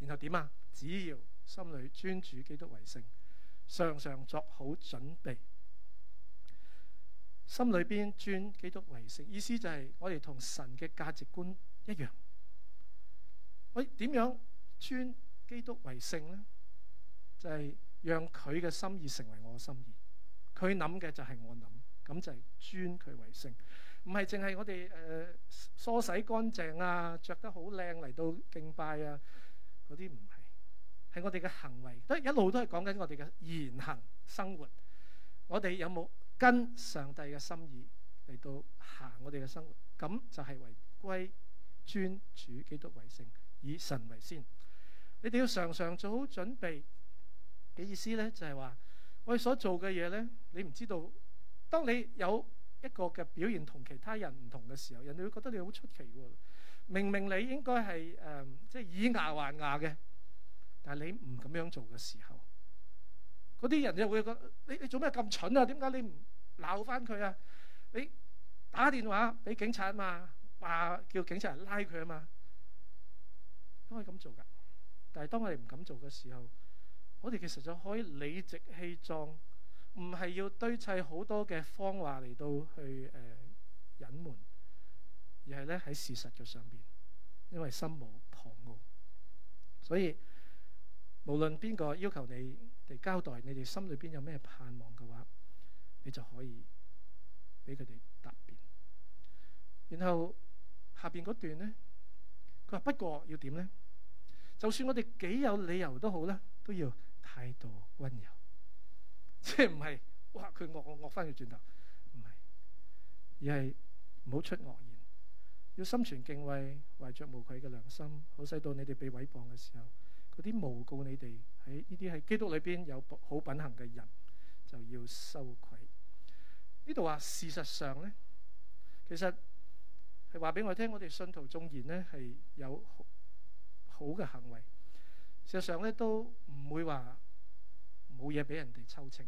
然後點啊？只要心裏尊主基督為聖，常常作好準備，心裏邊尊基督為聖，意思就係我哋同神嘅價值觀一樣。喂，點樣？尊基督為聖咧，就係、是、讓佢嘅心意成為我嘅心意。佢諗嘅就係我諗，咁就係尊佢為聖，唔係淨係我哋誒、呃、梳洗乾淨啊，着得好靚嚟到敬拜啊。嗰啲唔係，係我哋嘅行為一都一路都係講緊我哋嘅言行生活。我哋有冇跟上帝嘅心意嚟到行我哋嘅生活？咁就係回歸尊主基督為聖，以神為先。你哋要常常做好準備嘅意思咧，就係話我哋所做嘅嘢咧，你唔知道。當你有一個嘅表現同其他人唔同嘅時候，人哋會覺得你好出奇喎。明明你應該係誒，即係以牙還牙嘅，但係你唔咁樣做嘅時候，嗰啲人就會覺得你你做咩咁蠢啊？點解你唔鬧翻佢啊？你打電話俾警察啊嘛，話叫警察人拉佢啊嘛，都可以咁做㗎。但係當我哋唔敢做嘅時候，我哋其實就可以理直氣壯，唔係要堆砌好多嘅謊話嚟到去誒、呃、隱瞞，而係咧喺事實嘅上邊，因為心無旁騖。所以無論邊個要求你哋交代你哋心裏邊有咩盼望嘅話，你就可以俾佢哋答辯。然後下邊嗰段咧，佢話不過要點咧？就算我哋幾有理由都好啦，都要態度溫柔，即係唔係話佢惡惡翻佢轉頭，唔係，而係唔好出惡言，要心存敬畏，懷着無愧嘅良心。好使到你哋被毀謗嘅時候，嗰啲誣告你哋喺呢啲喺基督裏邊有好品行嘅人，就要羞愧。呢度話事實上咧，其實係話俾我聽，我哋信徒眾言咧係有。好嘅行為，事實上咧都唔會話冇嘢俾人哋抽清，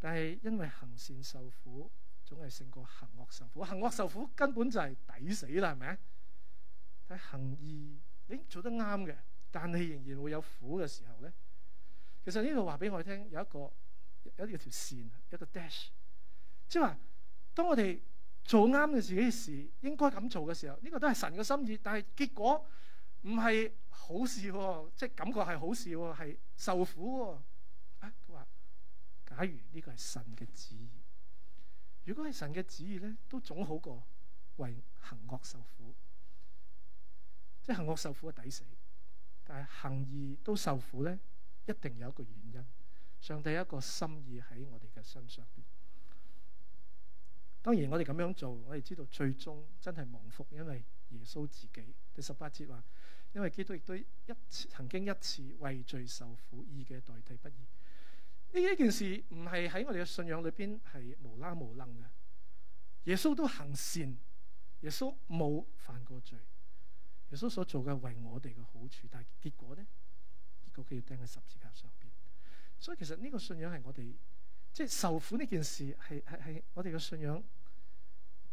但係因為行善受苦，總係勝過行惡受苦。行惡受苦根本就係抵死啦，係咪？但係行義，你做得啱嘅，但係仍然會有苦嘅時候咧。其實呢度話俾我聽，有一個有一條線，一個 dash，即係話當我哋做啱嘅自己嘅事，應該咁做嘅時候，呢個都係神嘅心意，但係結果。唔係好事、啊，即係感覺係好事、啊，係受苦啊。啊，佢話：假如呢個係神嘅旨意，如果係神嘅旨意咧，都總好過為行惡受苦。即係行惡受苦係抵死，但係行義都受苦咧，一定有一個原因。上帝有一個心意喺我哋嘅身上邊。當然我哋咁樣做，我哋知道最終真係蒙福，因為耶穌自己第十八節話。因為基督亦都一曾經一次為罪受苦，義嘅代替不義，呢呢件事唔係喺我哋嘅信仰裏邊係無啦無楞嘅。耶穌都行善，耶穌冇犯過罪，耶穌所做嘅為我哋嘅好處，但係結果咧，結果佢要釘喺十字架上邊。所以其實呢個信仰係我哋，即係受苦呢件事係係係我哋嘅信仰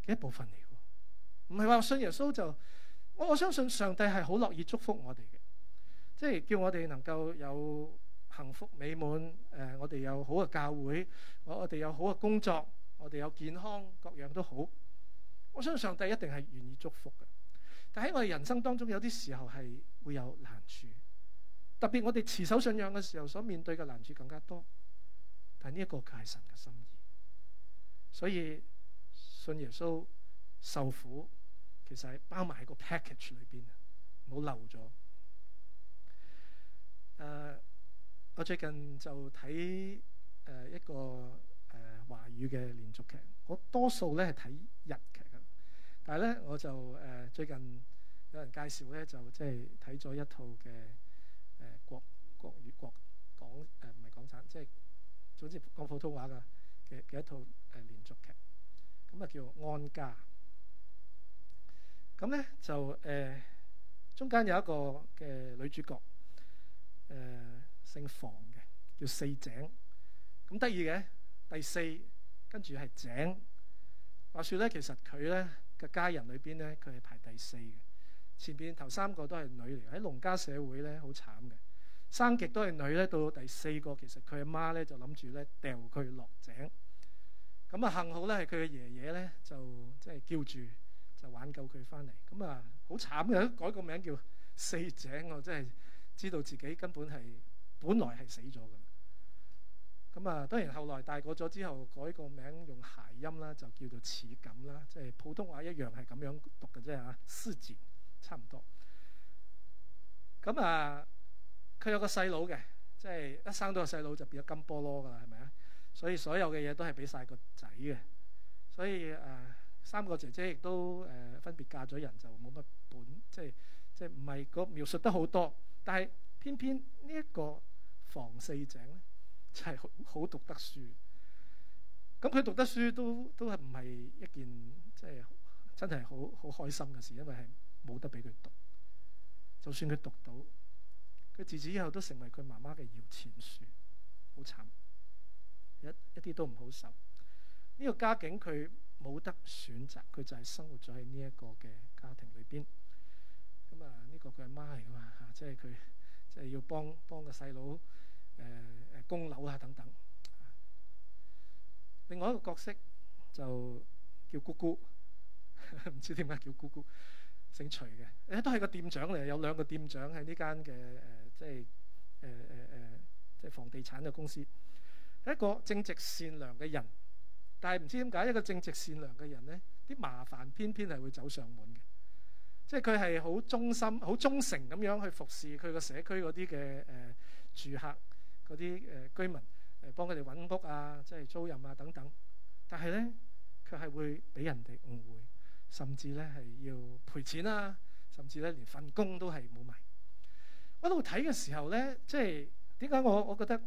嘅一部分嚟嘅，唔係話信耶穌就。我我相信上帝係好樂意祝福我哋嘅，即係叫我哋能夠有幸福美滿，誒、呃、我哋有好嘅教會，我我哋有好嘅工作，我哋有健康，各樣都好。我相信上帝一定係願意祝福嘅。但喺我哋人生當中，有啲時候係會有難處，特別我哋持守信仰嘅時候，所面對嘅難處更加多。但呢一個係神嘅心意，所以信耶穌受苦。其實係包埋喺個 package 裏邊啊，好漏咗。誒、呃，我最近就睇誒、呃、一個誒、呃、華語嘅連續劇。我多數咧係睇日劇嘅，但係咧我就誒、呃、最近有人介紹咧，就即係睇咗一套嘅誒、呃、國國語國港誒唔係港產，即係總之講普通話嘅嘅嘅一套誒、呃、連續劇，咁啊叫《安家》。咁咧、嗯、就誒、呃、中間有一個嘅女主角誒、呃、姓房嘅叫四井，咁得意嘅第四跟住係井。話說咧，其實佢咧嘅家人裏邊咧，佢係排第四嘅。前邊頭三個都係女嚟，喺農家社會咧好慘嘅，生極都係女咧。到第四個其實佢阿媽咧就諗住咧掉佢落井。咁、嗯、啊幸好咧係佢嘅爺爺咧就即係、就是、叫住。就挽救佢翻嚟，咁啊好慘嘅，改個名叫四井，我真係知道自己根本係本來係死咗㗎。咁啊，當然後來大個咗之後，改個名用諧音啦，就叫做似錦啦，即係普通話一樣係咁樣讀嘅啫嚇，四井差唔多。咁啊，佢有個細佬嘅，即係一生咗個細佬就變咗金菠蘿㗎啦，係咪啊？所以所有嘅嘢都係俾晒個仔嘅，所以誒、啊。三個姐姐亦都誒、呃、分別嫁咗人，就冇乜本，即係即係唔係個描述得好多。但係偏偏呢一個房四井咧，就係好好讀得書。咁佢讀得書都都係唔係一件即係真係好好開心嘅事，因為係冇得俾佢讀。就算佢讀到，佢自此以後都成為佢媽媽嘅搖錢樹，慘好慘，一一啲都唔好受。呢個家境，佢。冇得選擇，佢就係生活咗喺呢一個嘅家庭裏邊。咁啊，呢、這個佢阿媽嚟噶嘛嚇，即係佢即係要幫幫個細佬誒誒供樓啊等等啊。另外一個角色就叫姑姑，唔 知點解叫姑姑，姓徐嘅，誒、欸、都係個店長嚟，有兩個店長喺呢間嘅誒、呃，即係誒誒誒，即係房地產嘅公司，係一個正直善良嘅人。但係唔知點解一個正直善良嘅人呢，啲麻煩偏偏係會走上門嘅，即係佢係好忠心、好忠誠咁樣去服侍佢個社區嗰啲嘅誒住客嗰啲誒居民，誒幫佢哋揾屋啊，即係租賃啊等等。但係呢，佢係會俾人哋誤會，甚至呢係要賠錢啊，甚至呢連份工都係冇埋。我喺度睇嘅時候呢，即係點解我我覺得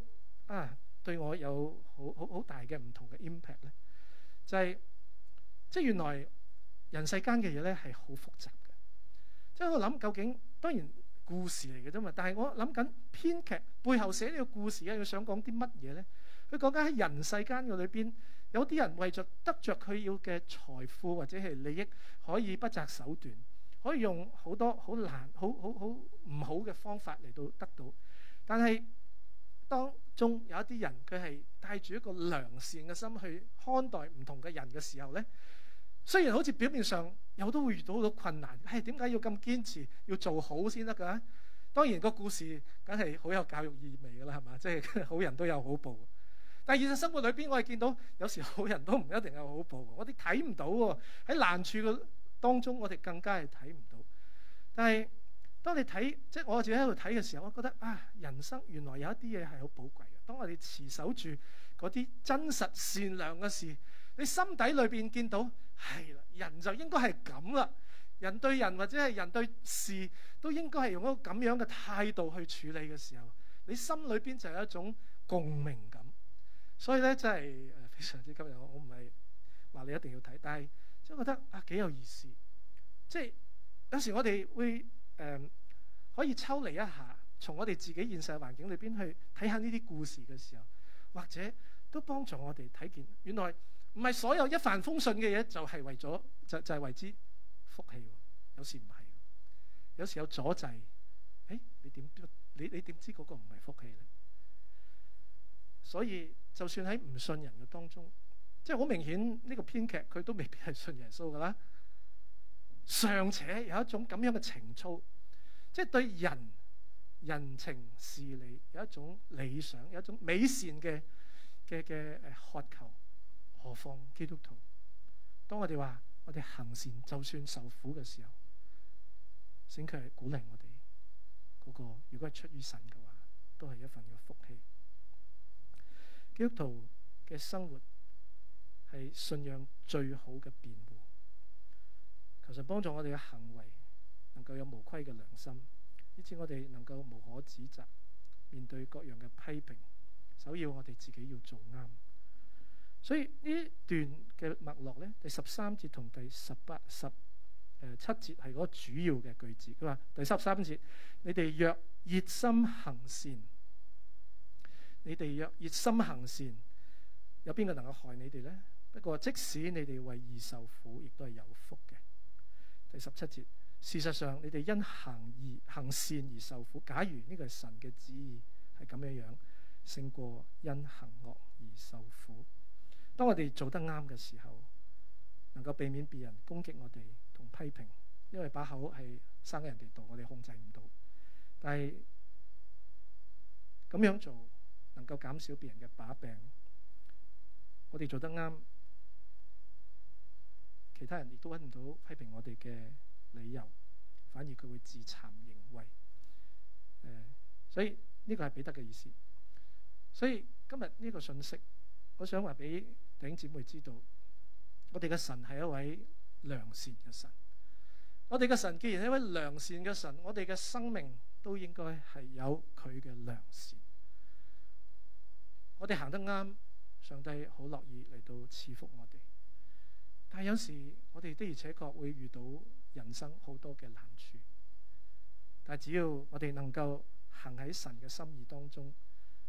啊，對我有好好好大嘅唔同嘅 impact 呢？就係、是、即係原來人世間嘅嘢咧係好複雜嘅，即係我諗究竟，當然故事嚟嘅啫嘛，但係我諗緊編劇背後寫呢個故事咧，佢想講啲乜嘢咧？佢講緊喺人世間嘅裏邊，有啲人為著得着佢要嘅財富或者係利益，可以不擇手段，可以用很多很好多好難好好好唔好嘅方法嚟到得到。但係當中有一啲人，佢係帶住一個良善嘅心去看待唔同嘅人嘅時候呢。雖然好似表面上有都會遇到好多困難，係點解要咁堅持要做好先得㗎？當然個故事梗係好有教育意味㗎啦，係嘛？即係好人都有好報。但係現實生活裏邊，我哋見到有時好人都唔一定有好報。我哋睇唔到喎，喺難處嘅當中，我哋更加係睇唔到。但係。當你睇即係我自己喺度睇嘅時候，我覺得啊，人生原來有一啲嘢係好寶貴嘅。當我哋持守住嗰啲真實善良嘅事，你心底裏邊見到係啦，人就應該係咁啦。人對人或者係人對事都應該係用一個咁樣嘅態度去處理嘅時候，你心裏邊就有一種共鳴感。所以咧真係誒非常之吸引我。我唔係話你一定要睇，但係真覺得啊幾有意思。即係有時我哋會。誒可以抽離一下，從我哋自己現實環境裏邊去睇下呢啲故事嘅時候，或者都幫助我哋睇見，原來唔係所有一帆風順嘅嘢就係為咗就就係為之福氣，有時唔係，有時有阻滯。誒你點你你點知嗰個唔係福氣咧？所以就算喺唔信人嘅當中，即係好明顯呢個編劇佢都未必係信耶穌㗎喇。尚且有一種咁樣嘅情操，即係對人，人情事理有一種理想，有一種美善嘅嘅嘅誒渴求。何況基督徒，當我哋話我哋行善就算受苦嘅時候，聖經係鼓勵我哋嗰，那個，如果係出於神嘅話，都係一份嘅福氣。基督徒嘅生活係信仰最好嘅變。其實幫助我哋嘅行為能夠有無愧嘅良心，以致我哋能夠無可指責。面對各樣嘅批評，首要我哋自己要做啱。所以一段呢段嘅脈絡咧，第十三節同第十八十誒、呃、七節係嗰主要嘅句子。佢話：第十三節，你哋若熱心行善，你哋若熱心行善，有邊個能夠害你哋咧？不過即使你哋為義受苦，亦都係有福嘅。第十七節，事實上，你哋因行而行善而受苦。假如呢個係神嘅旨意，係咁樣樣，勝過因行惡而受苦。當我哋做得啱嘅時候，能夠避免別人攻擊我哋同批評，因為把口係生喺人哋度，我哋控制唔到。但係咁樣做，能夠減少別人嘅把柄，我哋做得啱。其他人亦都揾唔到批評我哋嘅理由，反而佢會自慚形穢。誒、呃，所以呢、這個係彼得嘅意思。所以今日呢個信息，我想話俾弟兄姐妹知道，我哋嘅神係一位良善嘅神。我哋嘅神既然係一位良善嘅神，我哋嘅生命都應該係有佢嘅良善。我哋行得啱，上帝好樂意嚟到賜福我哋。但有時我哋的而且確會遇到人生好多嘅難處，但只要我哋能夠行喺神嘅心意當中，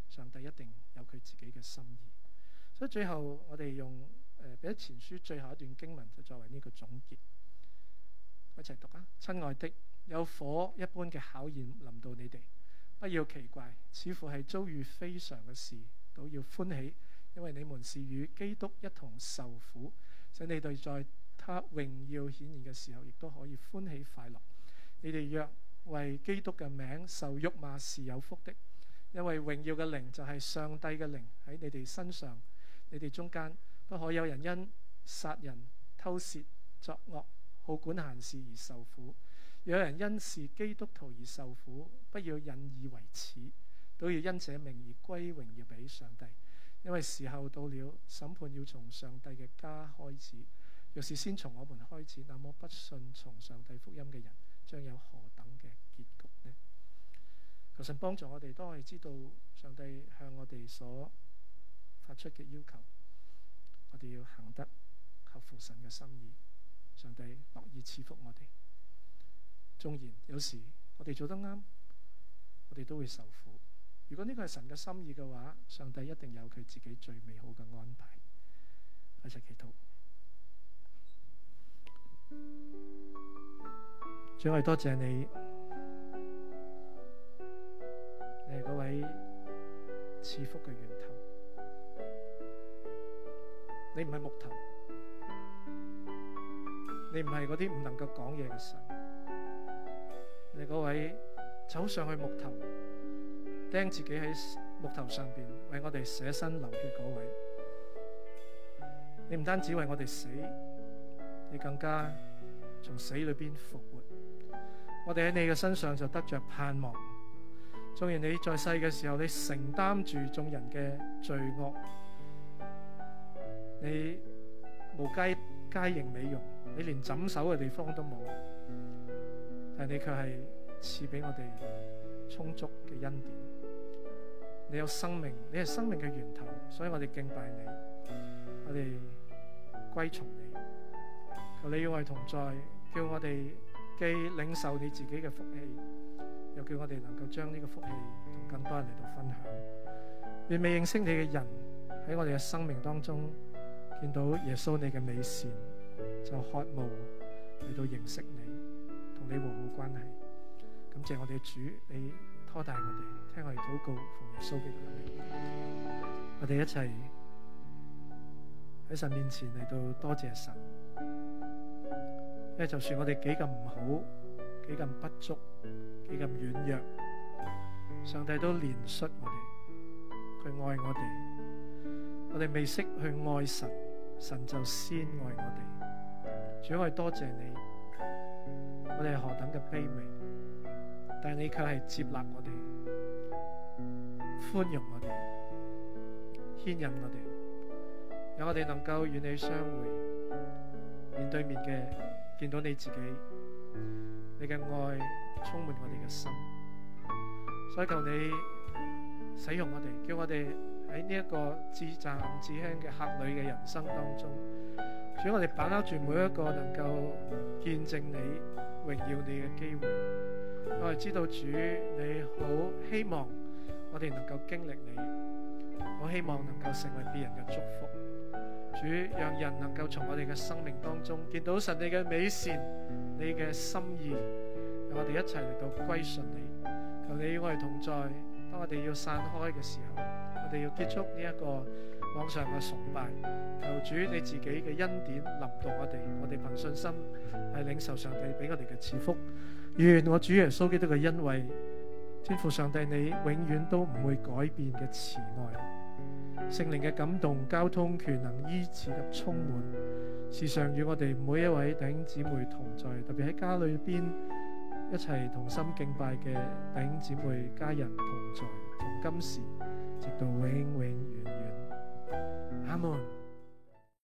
上帝一定有佢自己嘅心意。所以最後我哋用誒，彼、呃、咗前書最後一段經文就作為呢個總結，一齊讀啊！親愛的，有火一般嘅考驗臨到你哋，不要奇怪，似乎係遭遇非常嘅事，都要歡喜，因為你們是與基督一同受苦。使你哋在他榮耀顯現嘅時候，亦都可以歡喜快樂。你哋若為基督嘅名受辱罵是有福的，因為榮耀嘅靈就係上帝嘅靈喺你哋身上，你哋中間不可有人因殺人、偷竊、作惡、好管閒事而受苦；有人因是基督徒而受苦，不要引以為恥，都要因這名而歸榮耀俾上帝。因為時候到了，審判要從上帝嘅家開始。若是先從我們開始，那麼不信從上帝福音嘅人，將有何等嘅結局呢？求神幫助我哋，都可以知道上帝向我哋所發出嘅要求，我哋要行得合乎神嘅心意。上帝樂意賜福我哋，縱然有時我哋做得啱，我哋都會受苦。如果呢個係神嘅心意嘅話，上帝一定有佢自己最美好嘅安排。阿神祈禱，最愛 多謝你，你係嗰位賜福嘅源頭，你唔係木頭，你唔係嗰啲唔能夠講嘢嘅神，你係嗰位走上去木頭釘自己喺木頭上邊，為我哋捨身流血嗰位。你唔單止為我哋死，你更加從死裏邊復活。我哋喺你嘅身上就得着盼望。縱然你在世嘅時候，你承擔住眾人嘅罪惡，你無佳佳形美容，你連枕頭嘅地方都冇，但你卻係賜俾我哋充足嘅恩典。你有生命，你係生命嘅源頭，所以我哋敬拜你，我哋歸從你。求你與我同在，叫我哋既領受你自己嘅福氣，又叫我哋能夠將呢個福氣同更多人嚟到分享。願未認識你嘅人喺我哋嘅生命當中見到耶穌你嘅美善，就渴慕嚟到認識你，同你和好關係。感謝我哋主你。多大我哋，聽我哋禱告，奉耶穌嘅名。我哋一齊喺神面前嚟到多謝神，因為就算我哋幾咁唔好，幾咁不足，幾咁軟弱，上帝都憐恤我哋，佢愛我哋。我哋未識去愛神，神就先愛我哋。主要我哋多謝你，我哋係何等嘅卑微。但你卻係接納我哋，寬容我哋，牽引我哋，讓我哋能夠與你相會，面對面嘅見到你自己，你嘅愛充滿我哋嘅心。所以求你使用我哋，叫我哋喺呢一個至暫至輕嘅客旅嘅人生當中，主，我哋把握住每一個能夠見證你、榮耀你嘅機會。我哋知道主，你好希望我哋能夠經歷你，我希望能夠成為別人嘅祝福。主，讓人能夠從我哋嘅生命當中見到神你嘅美善，你嘅心意，我哋一齊嚟到歸順你。求你與我哋同在，當我哋要散開嘅時候，我哋要結束呢一個網上嘅崇拜。求主你自己嘅恩典臨到我哋，我哋憑信心係領受上帝俾我哋嘅賜福。願我主耶穌基督嘅恩惠、天父上帝你永遠都唔會改變嘅慈愛、聖靈嘅感動、交通權能依此而充滿，時常與我哋每一位弟兄姊妹同在，特別喺家裏邊一齊同心敬拜嘅弟兄姊妹家人同在，同今時直到永永遠遠。阿門。